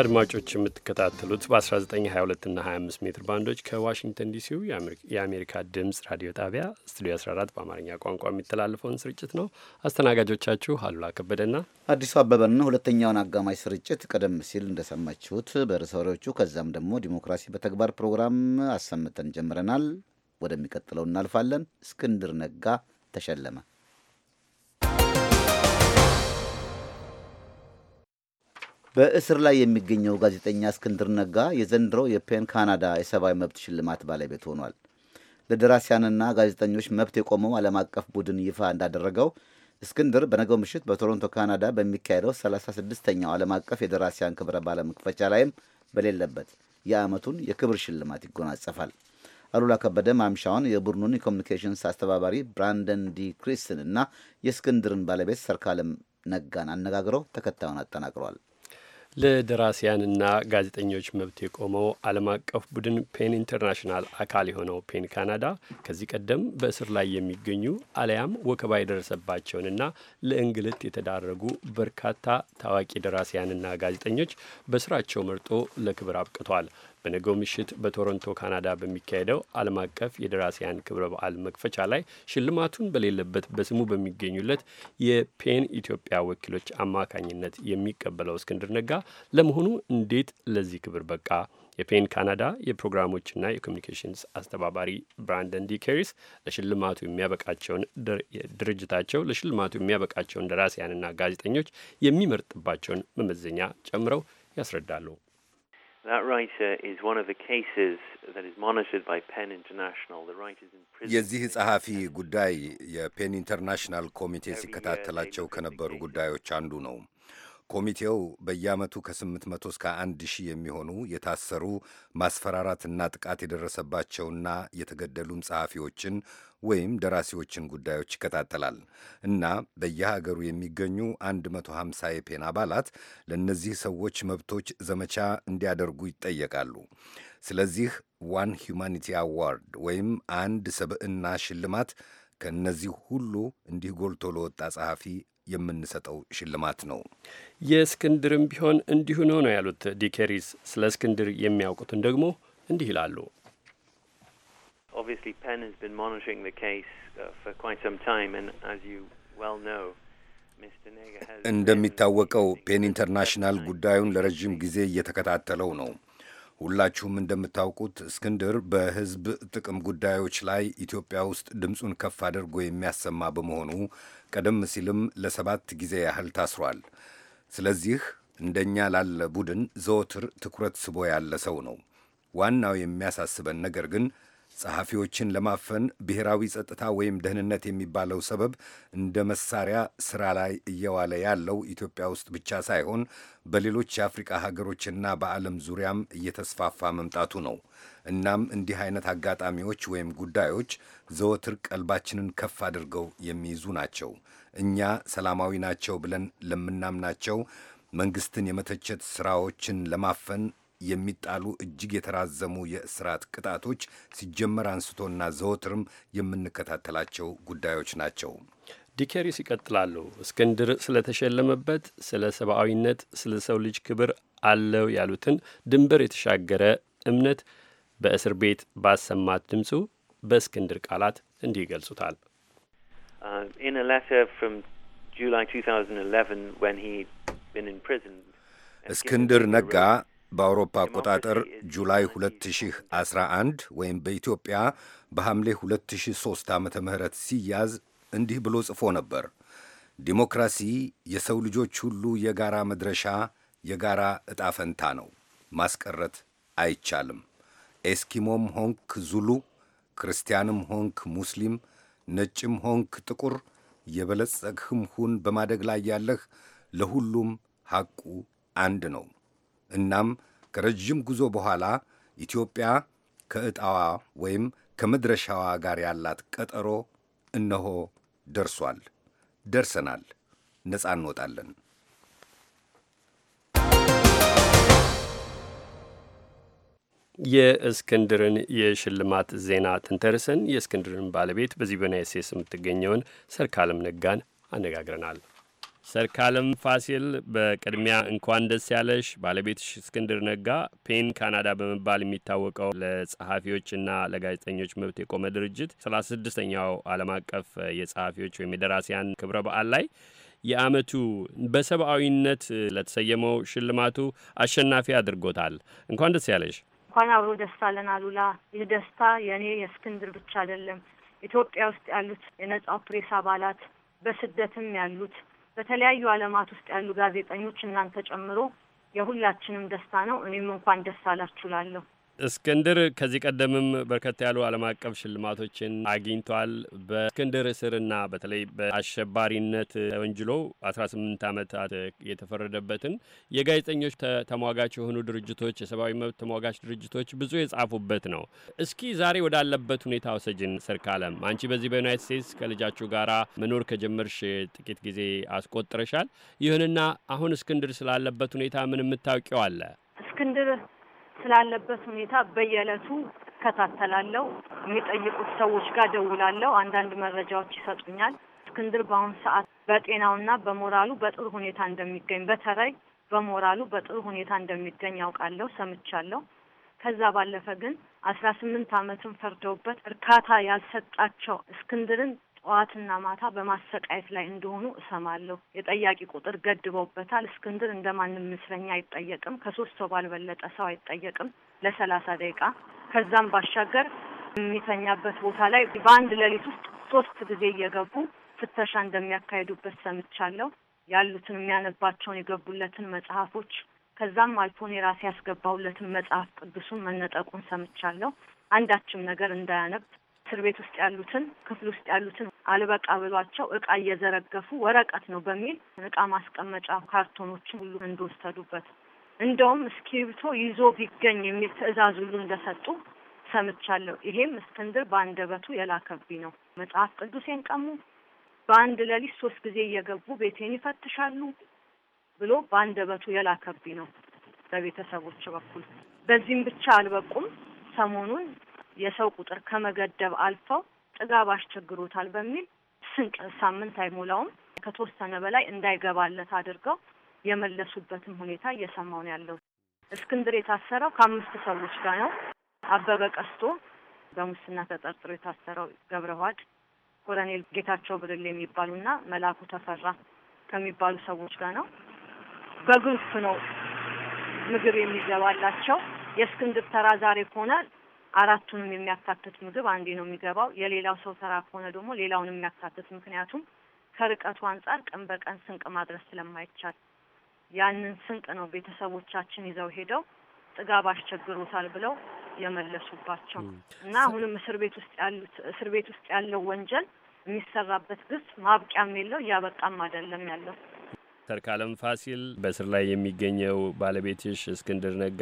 አድማጮች የምትከታተሉት በ1922 እና 25 ሜትር ባንዶች ከዋሽንግተን ዲሲው የአሜሪካ ድምፅ ራዲዮ ጣቢያ ስቱዲዮ 14 በአማርኛ ቋንቋ የሚተላለፈውን ስርጭት ነው። አስተናጋጆቻችሁ አሉላ ከበደና አዲሱ አበበን። ሁለተኛውን አጋማሽ ስርጭት ቀደም ሲል እንደሰማችሁት በርዕሰ ወሬዎቹ ከዛም ደግሞ ዲሞክራሲ በተግባር ፕሮግራም አሰምተን ጀምረናል። ወደሚቀጥለው እናልፋለን። እስክንድር ነጋ ተሸለመ። በእስር ላይ የሚገኘው ጋዜጠኛ እስክንድር ነጋ የዘንድሮ የፔን ካናዳ የሰብአዊ መብት ሽልማት ባለቤት ሆኗል። ለደራሲያንና ጋዜጠኞች መብት የቆመው ዓለም አቀፍ ቡድን ይፋ እንዳደረገው እስክንድር በነገው ምሽት በቶሮንቶ ካናዳ በሚካሄደው 36ኛው ዓለም አቀፍ የደራሲያን ክብረ ባለ መክፈቻ ላይም በሌለበት የዓመቱን የክብር ሽልማት ይጎናጸፋል። አሉላ ከበደ ማምሻውን የቡድኑን የኮሚኒኬሽንስ አስተባባሪ ብራንደን ዲ ክሪስን እና የእስክንድርን ባለቤት ሰርካለም ነጋን አነጋግረው ተከታዩን አጠናቅሯል። ለደራሲያንና ጋዜጠኞች መብት የቆመው ዓለም አቀፍ ቡድን ፔን ኢንተርናሽናል አካል የሆነው ፔን ካናዳ ከዚህ ቀደም በእስር ላይ የሚገኙ አሊያም ወከባ የደረሰባቸውንና ለእንግልት የተዳረጉ በርካታ ታዋቂ ደራሲያንና ጋዜጠኞች በስራቸው መርጦ ለክብር አብቅቷል። በነገው ምሽት በቶሮንቶ ካናዳ በሚካሄደው ዓለም አቀፍ የደራሲያን ክብረ በዓል መክፈቻ ላይ ሽልማቱን በሌለበት በስሙ በሚገኙለት የፔን ኢትዮጵያ ወኪሎች አማካኝነት የሚቀበለው እስክንድር ነጋ ለመሆኑ እንዴት ለዚህ ክብር በቃ? የፔን ካናዳ የፕሮግራሞችና የኮሚኒኬሽንስ አስተባባሪ ብራንደን ዲ ለሽልማቱ የሚያበቃቸውን ድርጅታቸው ለሽልማቱ የሚያበቃቸውን ደራሲያንና ጋዜጠኞች የሚመርጥባቸውን መመዘኛ ጨምረው ያስረዳሉ። የዚህ ጸሐፊ ጉዳይ የፔን ኢንተርናሽናል ኮሚቴ ሲከታተላቸው ከነበሩ ጉዳዮች አንዱ ነው። ኮሚቴው በየዓመቱ ከ800 እስከ 1000 የሚሆኑ የታሰሩ ማስፈራራትና ጥቃት የደረሰባቸውና የተገደሉም ጸሐፊዎችን ወይም ደራሲዎችን ጉዳዮች ይከታተላል እና በየሀገሩ የሚገኙ 150 የፔን አባላት ለእነዚህ ሰዎች መብቶች ዘመቻ እንዲያደርጉ ይጠየቃሉ። ስለዚህ ዋን ሂዩማኒቲ አዋርድ ወይም አንድ ሰብዕና ሽልማት ከእነዚህ ሁሉ እንዲህ ጎልቶ ለወጣ ጸሐፊ የምንሰጠው ሽልማት ነው። የእስክንድርም ቢሆን እንዲሁ ነው ነው ያሉት ዲኬሪስ። ስለ እስክንድር የሚያውቁትን ደግሞ እንዲህ ይላሉ። uh, እንደሚታወቀው ፔን ኢንተርናሽናል ጉዳዩን ለረዥም ጊዜ እየተከታተለው ነው። ሁላችሁም እንደምታውቁት እስክንድር በሕዝብ ጥቅም ጉዳዮች ላይ ኢትዮጵያ ውስጥ ድምፁን ከፍ አድርጎ የሚያሰማ በመሆኑ ቀደም ሲልም ለሰባት ጊዜ ያህል ታስሯል። ስለዚህ እንደኛ ላለ ቡድን ዘወትር ትኩረት ስቦ ያለ ሰው ነው። ዋናው የሚያሳስበን ነገር ግን ጸሐፊዎችን ለማፈን ብሔራዊ ጸጥታ ወይም ደህንነት የሚባለው ሰበብ እንደ መሳሪያ ስራ ላይ እየዋለ ያለው ኢትዮጵያ ውስጥ ብቻ ሳይሆን በሌሎች የአፍሪቃ ሀገሮችና በዓለም ዙሪያም እየተስፋፋ መምጣቱ ነው። እናም እንዲህ አይነት አጋጣሚዎች ወይም ጉዳዮች ዘወትር ቀልባችንን ከፍ አድርገው የሚይዙ ናቸው። እኛ ሰላማዊ ናቸው ብለን ለምናምናቸው መንግስትን የመተቸት ስራዎችን ለማፈን የሚጣሉ እጅግ የተራዘሙ የእስራት ቅጣቶች ሲጀመር አንስቶና ዘወትርም የምንከታተላቸው ጉዳዮች ናቸው። ዲኬሪስ ይቀጥላሉ። እስክንድር ስለተሸለመበት ስለ ሰብአዊነት፣ ስለ ሰው ልጅ ክብር አለው ያሉትን ድንበር የተሻገረ እምነት በእስር ቤት ባሰማት ድምፁ በእስክንድር ቃላት እንዲህ ይገልጹታል። uh, እስክንድር ነጋ በአውሮፓ አቆጣጠር ጁላይ 2011 ወይም በኢትዮጵያ በሐምሌ 2003 ዓ ም ሲያዝ እንዲህ ብሎ ጽፎ ነበር። ዲሞክራሲ የሰው ልጆች ሁሉ የጋራ መድረሻ፣ የጋራ ዕጣ ፈንታ ነው። ማስቀረት አይቻልም። ኤስኪሞም ሆንክ ዙሉ፣ ክርስቲያንም ሆንክ ሙስሊም፣ ነጭም ሆንክ ጥቁር፣ የበለጸግህም ሁን በማደግ ላይ ያለህ፣ ለሁሉም ሐቁ አንድ ነው። እናም ከረዥም ጉዞ በኋላ ኢትዮጵያ ከዕጣዋ ወይም ከመድረሻዋ ጋር ያላት ቀጠሮ እነሆ ደርሷል። ደርሰናል። ነፃ እንወጣለን። የእስክንድርን የሽልማት ዜና ትንተርስን የእስክንድርን ባለቤት በዚህ በዩናይት ስቴትስ የምትገኘውን ሰርካለም ነጋን አነጋግረናል። ሰርካለም ፋሲል በቅድሚያ እንኳን ደስ ያለሽ። ባለቤትሽ እስክንድር ነጋ ፔን ካናዳ በመባል የሚታወቀው ለጸሐፊዎችና ለጋዜጠኞች መብት የቆመ ድርጅት ሰላሳ ስድስተኛው ዓለም አቀፍ የጸሐፊዎች ወይም የደራሲያን ክብረ በዓል ላይ የአመቱ በሰብአዊነት ለተሰየመው ሽልማቱ አሸናፊ አድርጎታል። እንኳን ደስ ያለሽ። እንኳን አብሮ ደስታ አለን አሉላ። ይህ ደስታ የእኔ የእስክንድር ብቻ አይደለም። ኢትዮጵያ ውስጥ ያሉት የነጻው ፕሬስ አባላት፣ በስደትም ያሉት በተለያዩ ዓለማት ውስጥ ያሉ ጋዜጠኞች እናንተ ጨምሮ የሁላችንም ደስታ ነው። እኔም እንኳን ደስ አላችሁ እስክንድር ከዚህ ቀደምም በርከት ያሉ ዓለም አቀፍ ሽልማቶችን አግኝቷል። በእስክንድር እስርና በተለይ በአሸባሪነት ወንጅሎ 18 ዓመታት የተፈረደበትን የጋዜጠኞች ተሟጋች የሆኑ ድርጅቶች፣ የሰብአዊ መብት ተሟጋች ድርጅቶች ብዙ የጻፉበት ነው። እስኪ ዛሬ ወዳለበት ሁኔታ ውሰጅን። ስርካለም አንቺ በዚህ በዩናይት ስቴትስ ከልጃችሁ ጋር መኖር ከጀመርሽ ጥቂት ጊዜ አስቆጥረሻል። ይሁንና አሁን እስክንድር ስላለበት ሁኔታ ምን የምታውቂው አለ? እስክንድር ስላለበት ሁኔታ በየዕለቱ እከታተላለሁ። የሚጠይቁት ሰዎች ጋር ደውላለሁ። አንዳንድ መረጃዎች ይሰጡኛል። እስክንድር በአሁኑ ሰዓት በጤናውና በሞራሉ በጥሩ ሁኔታ እንደሚገኝ በተለይ በሞራሉ በጥሩ ሁኔታ እንደሚገኝ ያውቃለሁ፣ ሰምቻለሁ። ከዛ ባለፈ ግን አስራ ስምንት አመትን ፈርደውበት እርካታ ያልሰጣቸው እስክንድርን ጠዋትና ማታ በማሰቃየት ላይ እንደሆኑ እሰማለሁ። የጠያቂ ቁጥር ገድበውበታል። እስክንድር እንደ ማንም ምስለኛ አይጠየቅም። ከሶስት ሰው ባልበለጠ ሰው አይጠየቅም ለሰላሳ ደቂቃ ከዛም ባሻገር የሚተኛበት ቦታ ላይ በአንድ ሌሊት ውስጥ ሶስት ጊዜ እየገቡ ፍተሻ እንደሚያካሄዱበት ሰምቻለሁ። ያሉትን የሚያነባቸውን የገቡለትን መጽሐፎች ከዛም አልፎን የራሴ ያስገባውለትን መጽሐፍ ቅዱሱን መነጠቁን ሰምቻለሁ። አንዳችም ነገር እንዳያነብ እስር ቤት ውስጥ ያሉትን ክፍል ውስጥ ያሉትን አልበቃ ብሏቸው እቃ እየዘረገፉ ወረቀት ነው በሚል እቃ ማስቀመጫ ካርቶኖችን ሁሉ እንደወሰዱበት እንደውም እስክሪብቶ ይዞ ቢገኝ የሚል ትዕዛዝ ሁሉ እንደሰጡ ሰምቻለሁ። ይሄም እስክንድር በአንደበቱ የላከብኝ ነው። መጽሐፍ ቅዱሴን ቀሙ፣ በአንድ ሌሊት ሶስት ጊዜ እየገቡ ቤቴን ይፈትሻሉ ብሎ በአንደበቱ የላከብኝ ነው በቤተሰቦች በኩል። በዚህም ብቻ አልበቁም። ሰሞኑን የሰው ቁጥር ከመገደብ አልፈው ጥጋብ አስቸግሮታል በሚል ስንቅ ሳምንት አይሞላውም ከተወሰነ በላይ እንዳይገባለት አድርገው የመለሱበትም ሁኔታ እየሰማው ነው ያለው። እስክንድር የታሰረው ከአምስት ሰዎች ጋር ነው። አበበ ቀስቶ በሙስና ተጠርጥሮ የታሰረው ገብረዋድ፣ ኮሎኔል ጌታቸው ብርል የሚባሉና መላኩ ተፈራ ከሚባሉ ሰዎች ጋር ነው። በግሩፕ ነው ምግብ የሚገባላቸው። የእስክንድር ተራ ዛሬ ከሆነ አራቱንም የሚያካትት ምግብ አንዴ ነው የሚገባው። የሌላው ሰው ተራ ከሆነ ደግሞ ሌላውን የሚያካትት ምክንያቱም ከርቀቱ አንጻር ቀን በቀን ስንቅ ማድረስ ስለማይቻል ያንን ስንቅ ነው ቤተሰቦቻችን ይዘው ሄደው ጥጋብ አስቸግሮታል ብለው የመለሱባቸው እና አሁንም እስር ቤት ውስጥ ያሉት እስር ቤት ውስጥ ያለው ወንጀል የሚሰራበት ግስ ማብቂያም የለው እያበቃም አይደለም ያለው። ዶክተር ካለም ፋሲል በእስር ላይ የሚገኘው ባለቤትሽ እስክንድር ነጋ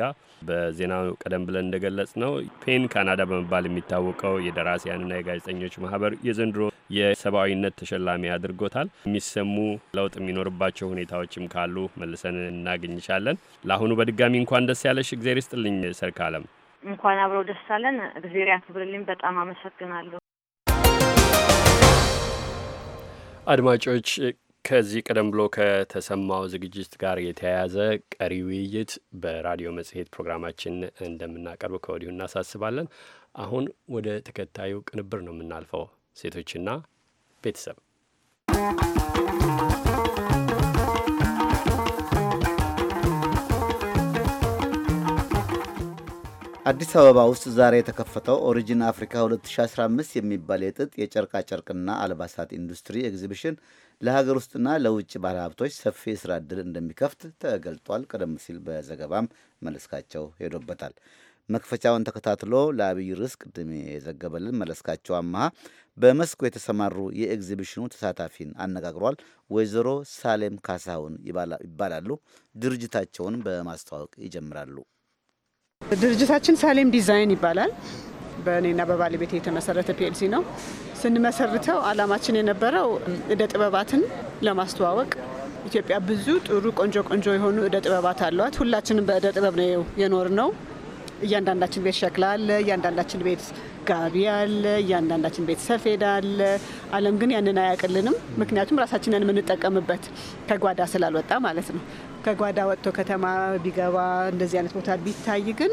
በዜና ቀደም ብለን እንደገለጽ ነው ፔን ካናዳ በመባል የሚታወቀው የደራሲያንና የጋዜጠኞች ማህበር የዘንድሮ የሰብአዊነት ተሸላሚ አድርጎታል። የሚሰሙ ለውጥ የሚኖርባቸው ሁኔታዎችም ካሉ መልሰን እናገኝሻለን። ለአሁኑ በድጋሚ እንኳን ደስ ያለሽ። እግዜር ይስጥልኝ ሰርካለም። እንኳን አብረው ደስ አለን። እግዜር ያክብርልኝ። በጣም አመሰግናለሁ። አድማጮች ከዚህ ቀደም ብሎ ከተሰማው ዝግጅት ጋር የተያያዘ ቀሪ ውይይት በራዲዮ መጽሔት ፕሮግራማችን እንደምናቀርብ ከወዲሁ እናሳስባለን። አሁን ወደ ተከታዩ ቅንብር ነው የምናልፈው። ሴቶችና ቤተሰብ አዲስ አበባ ውስጥ ዛሬ የተከፈተው ኦሪጂን አፍሪካ 2015 የሚባል የጥጥ የጨርቃጨርቅና አልባሳት ኢንዱስትሪ ኤግዚቢሽን ለሀገር ውስጥና ለውጭ ባለሀብቶች ሰፊ የስራ እድል እንደሚከፍት ተገልጧል። ቀደም ሲል በዘገባም መለስካቸው ሄዶበታል። መክፈቻውን ተከታትሎ ለአብይ ርዕስ ቅድም የዘገበልን መለስካቸው አመሃ በመስኩ የተሰማሩ የኤግዚቢሽኑ ተሳታፊን አነጋግሯል። ወይዘሮ ሳሌም ካሳሁን ይባላሉ። ድርጅታቸውን በማስተዋወቅ ይጀምራሉ። ድርጅታችን ሳሌም ዲዛይን ይባላል። በእኔና ቤት የተመሰረተ ፒኤልሲ ነው። ስንመሰርተው አላማችን የነበረው እደ ጥበባትን ለማስተዋወቅ ኢትዮጵያ ብዙ ጥሩ ቆንጆ ቆንጆ የሆኑ እደ ጥበባት አሏት። ሁላችንም በእደ ጥበብ ነው የኖር ነው። እያንዳንዳችን ቤት ሸክላ አለ፣ እያንዳንዳችን ቤት ጋቢ አለ፣ እያንዳንዳችን ቤት ሰፌድ አለ። ዓለም ግን ያንን አያውቅልንም። ምክንያቱም ራሳችንን የምንጠቀምበት ከጓዳ ስላልወጣ ማለት ነው። ከጓዳ ወጥቶ ከተማ ቢገባ እንደዚህ አይነት ቦታ ቢታይ ግን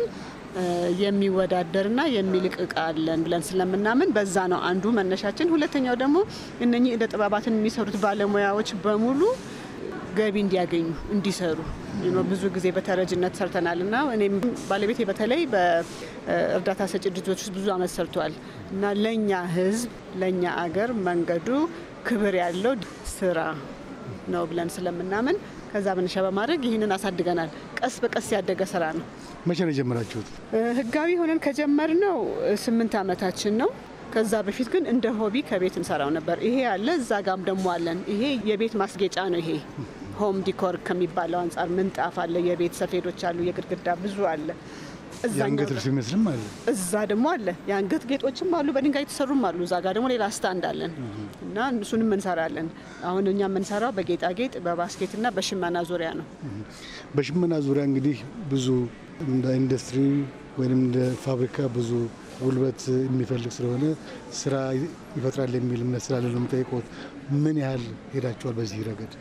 የሚወዳደርና የሚልቅ እቃ አለን ብለን ስለምናምን በዛ ነው አንዱ መነሻችን። ሁለተኛው ደግሞ እነኚህ እንደ ጥበባትን የሚሰሩት ባለሙያዎች በሙሉ ገቢ እንዲያገኙ እንዲሰሩ ብዙ ጊዜ በተረጅነት ሰርተናል እና እኔም ባለቤቴ በተለይ በእርዳታ ሰጪ ድርጅቶች ውስጥ ብዙ አመት ሰርቷል እና ለእኛ ህዝብ ለእኛ አገር መንገዱ ክብር ያለው ስራ ነው ብለን ስለምናምን ከዛ መነሻ በማድረግ ይህንን አሳድገናል። ቀስ በቀስ ያደገ ስራ ነው። መቼ ነው የጀመራችሁት? ህጋዊ ሆነን ከጀመርነው ስምንት ዓመታችን ነው። ከዛ በፊት ግን እንደ ሆቢ ከቤት እንሰራው ነበር። ይሄ አለ፣ እዛ ጋም ደሞ አለን። ይሄ የቤት ማስጌጫ ነው። ይሄ ሆም ዲኮር ከሚባለው አንጻር ምንጣፍ አለ፣ የቤት ሰፌዶች አሉ፣ የግድግዳ ብዙ አለ። የአንገት ልብስ ይመስልም አለ፣ እዛ ደግሞ አለ። የአንገት ጌጦችም አሉ፣ በድንጋይ የተሰሩም አሉ። እዛ ጋር ደግሞ ሌላ ስታንድ አለን እና እሱንም እንሰራለን። አሁን እኛ የምንሰራው በጌጣጌጥ በባስኬትና በሽመና ዙሪያ ነው። በሽመና ዙሪያ እንግዲህ ብዙ እንደ ኢንዱስትሪ ወይም እንደ ፋብሪካ ብዙ ጉልበት የሚፈልግ ስለሆነ ስራ ይፈጥራል የሚል እምነት ስላለ ነው የምጠይቀው። ምን ያህል ሄዳችኋል በዚህ ረገድ?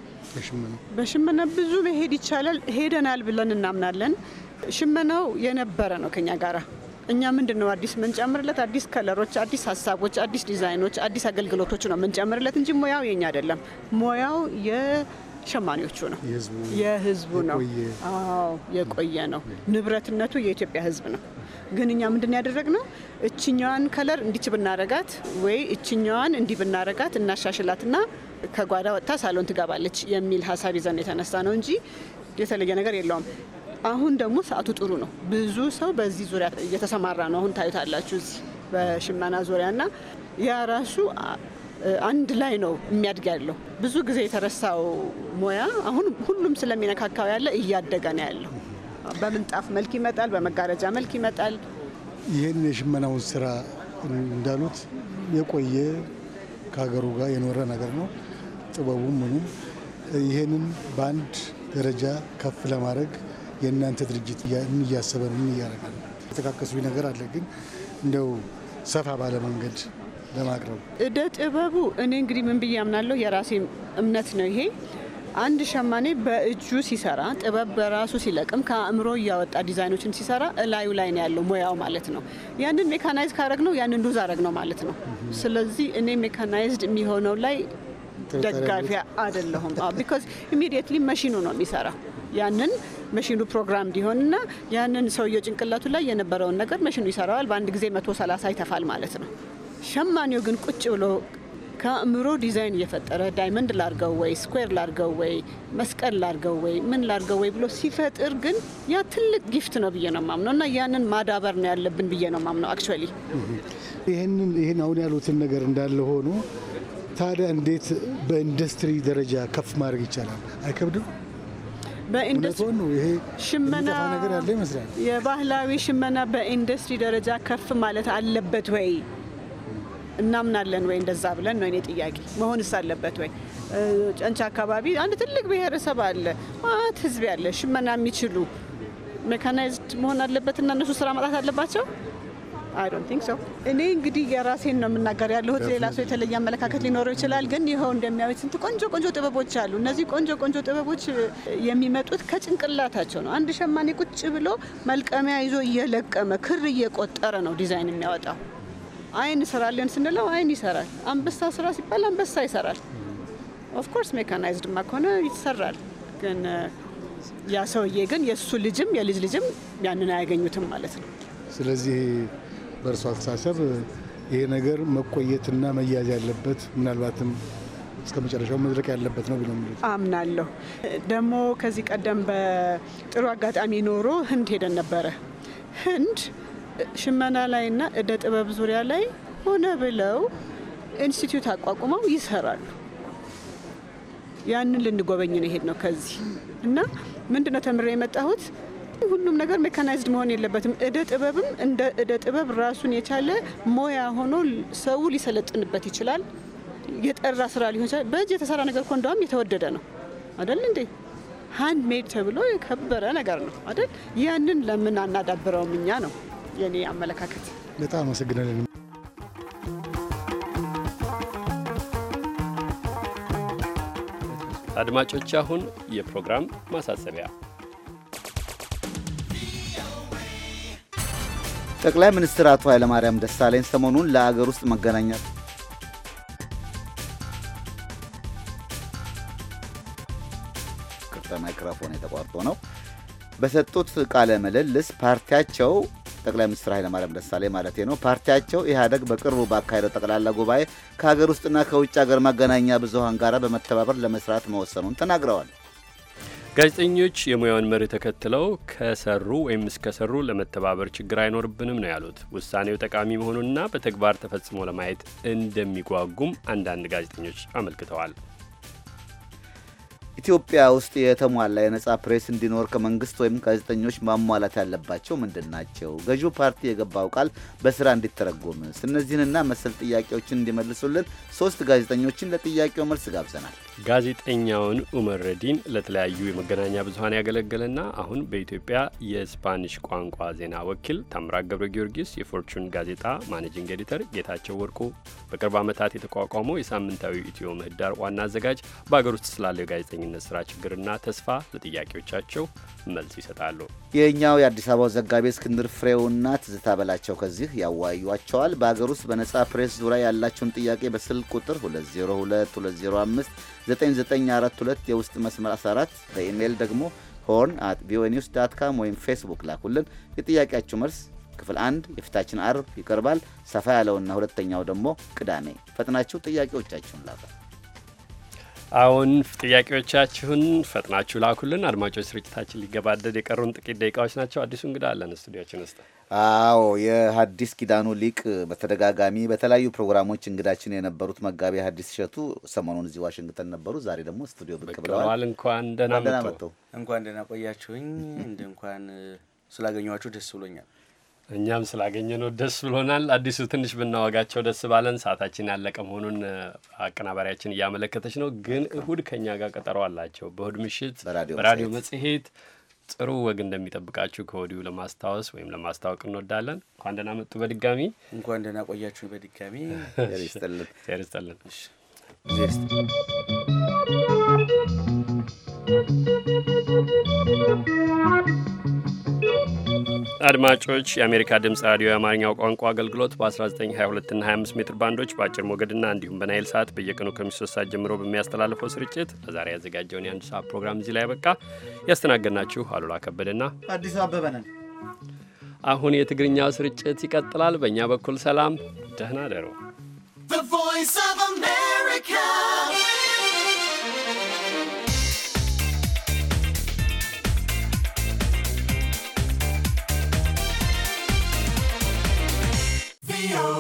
በሽመና ብዙ መሄድ ይቻላል። ሄደናል ብለን እናምናለን። ሽመናው የነበረ ነው ከኛ ጋራ። እኛ ምንድን ነው አዲስ ምንጨምርለት አዲስ ከለሮች፣ አዲስ ሀሳቦች፣ አዲስ ዲዛይኖች፣ አዲስ አገልግሎቶች ነው ምንጨምርለት እንጂ ሙያው የኛ አይደለም። ሙያው የሸማኔዎቹ ነው፣ የህዝቡ ነው። አዎ የቆየ ነው። ንብረትነቱ የኢትዮጵያ ህዝብ ነው። ግን እኛ ምንድን ነው እችኛዋን ከለር እንዲች ብናረጋት ወይ እችኛዋን እንዲህ ብናረጋት ና ከጓዳ ወጥታ ሳሎን ትገባለች የሚል ሀሳብ ይዘን የተነሳ ነው እንጂ የተለየ ነገር የለውም። አሁን ደግሞ ሰዓቱ ጥሩ ነው። ብዙ ሰው በዚህ ዙሪያ እየተሰማራ ነው። አሁን ታዩታላችሁ እዚህ በሽመና ና ያ ራሱ አንድ ላይ ነው የሚያድግ ያለው። ብዙ ጊዜ የተረሳው ሙያ አሁን ሁሉም ስለሚነካካው ያለ እያደገ ነው ያለው። በምንጣፍ መልክ ይመጣል፣ በመጋረጃ መልክ ይመጣል። ይህን የሽመናውን ስራ እንዳሉት የቆየ ከሀገሩ ጋር የኖረ ነገር ነው። ጥበቡም ምኑም ይህንን በአንድ ደረጃ ከፍ ለማድረግ የእናንተ ድርጅት ምን እያሰበ ነው? ምን እያደረገ ነው? የተካከሱ ነገር አለ፣ ግን እንደው ሰፋ ባለ መንገድ ለማቅረብ እደ ጥበቡ እኔ እንግዲህ ምን ብዬ አምናለሁ፣ የራሴ እምነት ነው ይሄ አንድ ሸማኔ በእጁ ሲሰራ ጥበብ በራሱ ሲለቅም ከአእምሮ እያወጣ ዲዛይኖችን ሲሰራ እላዩ ላይ ነው ያለው ሙያው ማለት ነው። ያንን ሜካናይዝድ ካረግ ነው ያንን ዱዝ አረግ ነው ማለት ነው። ስለዚህ እኔ ሜካናይዝድ የሚሆነው ላይ ደጋፊ አይደለሁም። ቢኮዝ ኢሚዲየትሊ መሽኑ ነው የሚሰራ ያንን መሽኑ ፕሮግራም እንዲሆንና ያንን ሰውየው ጭንቅላቱ ላይ የነበረውን ነገር መሽኑ ይሰራዋል። በአንድ ጊዜ መቶ ሰላሳ ይተፋል ማለት ነው። ሸማኔው ግን ቁጭ ብሎ ከአእምሮ ዲዛይን እየፈጠረ ዳይመንድ ላርገው ወይ ስኩዌር ላርገው ወይ መስቀል ላርገው ወይ ምን ላርገው ወይ ብሎ ሲፈጥር ግን ያ ትልቅ ጊፍት ነው ብዬ ነው ማምነው እና ያንን ማዳበር ነው ያለብን ብዬ ነው ማምነው። አክቹዋሊ ይህንን ይህን አሁን ያሉትን ነገር እንዳለ ሆኖ ታዲያ እንዴት በኢንዱስትሪ ደረጃ ከፍ ማድረግ ይቻላል? አይከብድም። ሽመና የባህላዊ ሽመና በኢንዱስትሪ ደረጃ ከፍ ማለት አለበት ወይ እናምናለን ወይ እንደዛ ብለን ነው። እኔ ጥያቄ መሆንስ አለበት ወይ? ጨንቻ አካባቢ አንድ ትልቅ ብሔረሰብ አለ፣ ማት ህዝብ ያለ ሽመና የሚችሉ ሜካናይዝድ መሆን አለበት እና እነሱ ስራ ማጣት አለባቸው። አይ ሶ። እኔ እንግዲህ የራሴን ነው የምናገር ያለሁት። ሌላ ሰው የተለየ አመለካከት ሊኖረው ይችላል። ግን ይኸው እንደሚያዩት ስንት ቆንጆ ቆንጆ ጥበቦች አሉ። እነዚህ ቆንጆ ቆንጆ ጥበቦች የሚመጡት ከጭንቅላታቸው ነው። አንድ ሸማኔ ቁጭ ብሎ መልቀሚያ ይዞ እየለቀመ ክር እየቆጠረ ነው ዲዛይን የሚያወጣው። አይን ይሰራልን ስንለው አይን ይሰራል። አንበሳ ስራ ሲባል አንበሳ ይሰራል። ኦፍኮርስ ሜካናይዝድ ማ ከሆነ ይሰራል። ግን ያ ሰውዬ ግን የእሱ ልጅም የልጅ ልጅም ያንን አያገኙትም ማለት ነው። ስለዚህ በእርሱ አስተሳሰብ ይሄ ነገር መቆየትና መያዝ ያለበት ምናልባትም እስከ መጨረሻው መድረቅ ያለበት ነው ብሎ አምናለሁ። ደግሞ ከዚህ ቀደም በጥሩ አጋጣሚ ኖሮ ህንድ ሄደን ነበረ ህንድ ሽመና ላይና እደ ጥበብ ዙሪያ ላይ ሆነ ብለው ኢንስቲትዩት አቋቁመው ይሰራሉ። ያንን ልንጎበኝ ነው ነው ከዚህ እና ምንድነው ተምሬ የመጣሁት ሁሉም ነገር ሜካናይዝድ መሆን የለበትም። እደ ጥበብም እንደ እደ ጥበብ ራሱን የቻለ ሞያ ሆኖ ሰው ሊሰለጥንበት ይችላል። የጠራ ስራ ሊሆን ይችላል። በእጅ የተሰራ ነገር እኮ እንደውም የተወደደ ነው አደል እንዴ? ሃንድ ሜድ ተብሎ የከበረ ነገር ነው አደል? ያንን ለምን አናዳብረውም እኛ ነው የኔ አመለካከት። በጣም አመሰግናለን። አድማጮች አሁን የፕሮግራም ማሳሰቢያ። ጠቅላይ ሚኒስትር አቶ ኃይለማርያም ደሳለኝ ሰሞኑን ለአገር ውስጥ መገናኛ ማይክሮፎን የተቋርጦ ነው በሰጡት ቃለ ምልልስ ፓርቲያቸው ጠቅላይ ሚኒስትር ኃይለማርያም ደሳሌ ማለቴ ነው። ፓርቲያቸው ኢህአደግ በቅርቡ ባካሄደው ጠቅላላ ጉባኤ ከሀገር ውስጥና ከውጭ ሀገር መገናኛ ብዙሃን ጋር በመተባበር ለመስራት መወሰኑን ተናግረዋል። ጋዜጠኞች የሙያውን መሪ ተከትለው ከሰሩ ወይም እስከሰሩ ለመተባበር ችግር አይኖርብንም ነው ያሉት። ውሳኔው ጠቃሚ መሆኑንና በተግባር ተፈጽሞ ለማየት እንደሚጓጉም አንዳንድ ጋዜጠኞች አመልክተዋል። ኢትዮጵያ ውስጥ የተሟላ የነጻ ፕሬስ እንዲኖር ከመንግስት ወይም ጋዜጠኞች ማሟላት ያለባቸው ምንድን ናቸው? ገዢው ፓርቲ የገባው ቃል በስራ እንዲተረጎምስ? እነዚህንና መሰል ጥያቄዎችን እንዲመልሱልን ሶስት ጋዜጠኞችን ለጥያቄው መልስ ጋብዘናል። ጋዜጠኛውን ኡመር ረዲን ለተለያዩ የመገናኛ ብዙኃን ያገለገለና አሁን በኢትዮጵያ የስፓኒሽ ቋንቋ ዜና ወኪል፣ ታምራት ገብረ ጊዮርጊስ የፎርቹን ጋዜጣ ማኔጂንግ ኤዲተር፣ ጌታቸው ወርቁ በቅርብ ዓመታት የተቋቋመው የሳምንታዊ ኢትዮ ምህዳር ዋና አዘጋጅ በአገር ውስጥ ስላለው የጋዜጠኝነት ስራ ችግርና ተስፋ ለጥያቄዎቻቸው መልስ ይሰጣሉ። የእኛው የአዲስ አበባው ዘጋቢ እስክንድር ፍሬውና ትዝታ በላቸው ከዚህ ያዋዩቸዋል። በአገር ውስጥ በነጻ ፕሬስ ዙሪያ ያላቸውን ጥያቄ በስልክ ቁጥር 202205። 9942 የውስጥ መስመር 14 በኢሜይል ደግሞ ሆርን አት ቪኦኤ ኒውስ ዳት ካም ወይም ፌስቡክ ላኩልን። የጥያቄያችሁ መልስ ክፍል አንድ የፊታችን አርብ ይቀርባል። ሰፋ ያለውና ሁለተኛው ደግሞ ቅዳሜ። ፈጥናችሁ ጥያቄዎቻችሁን ላኩ። አሁን ጥያቄዎቻችሁን ፈጥናችሁ ላኩልን አድማጮች። ስርጭታችን ሊገባደድ የቀሩን ጥቂት ደቂቃዎች ናቸው። አዲሱ እንግዳ አለን ስቱዲዮችን ውስጥ። አዎ የሐዲስ ኪዳኑ ሊቅ በተደጋጋሚ በተለያዩ ፕሮግራሞች እንግዳችን የነበሩት መጋቢ ሐዲስ እሸቱ ሰሞኑን እዚህ ዋሽንግተን ነበሩ። ዛሬ ደግሞ ስቱዲዮ ብቅ ብለዋል። እንኳን ደህና መጡ። እንኳን ደህና ቆያችሁኝ። እንደ እንኳን ስላገኘኋችሁ ደስ ብሎኛል። እኛም ስላገኘ ነው ደስ ብሎናል። አዲሱ ትንሽ ብናወጋቸው ደስ ባለን። ሰዓታችን ያለቀ መሆኑን አቀናባሪያችን እያመለከተች ነው። ግን እሁድ ከእኛ ጋር ቀጠሮ አላቸው። በእሁድ ምሽት በራዲዮ መጽሔት ጥሩ ወግ እንደሚጠብቃችሁ ከወዲሁ ለማስታወስ ወይም ለማስታወቅ እንወዳለን። እንኳን ደህና መጡ በድጋሚ እንኳን ደህና ቆያችሁ በድጋሚ ርስጠልን አድማጮች የአሜሪካ ድምፅ ራዲዮ የአማርኛው ቋንቋ አገልግሎት በ1922 እና 25 ሜትር ባንዶች በአጭር ሞገድና እንዲሁም በናይል ሰዓት በየቀኑ ከምሽቱ ሰዓት ጀምሮ በሚያስተላልፈው ስርጭት ለዛሬ ያዘጋጀውን የአንድ ሰዓት ፕሮግራም እዚህ ላይ ያበቃ። ያስተናገድናችሁ አሉላ ከበደና አዲሱ አበበ ነን። አሁን የትግርኛው ስርጭት ይቀጥላል። በእኛ በኩል ሰላም፣ ደህና ደሩ። Radio.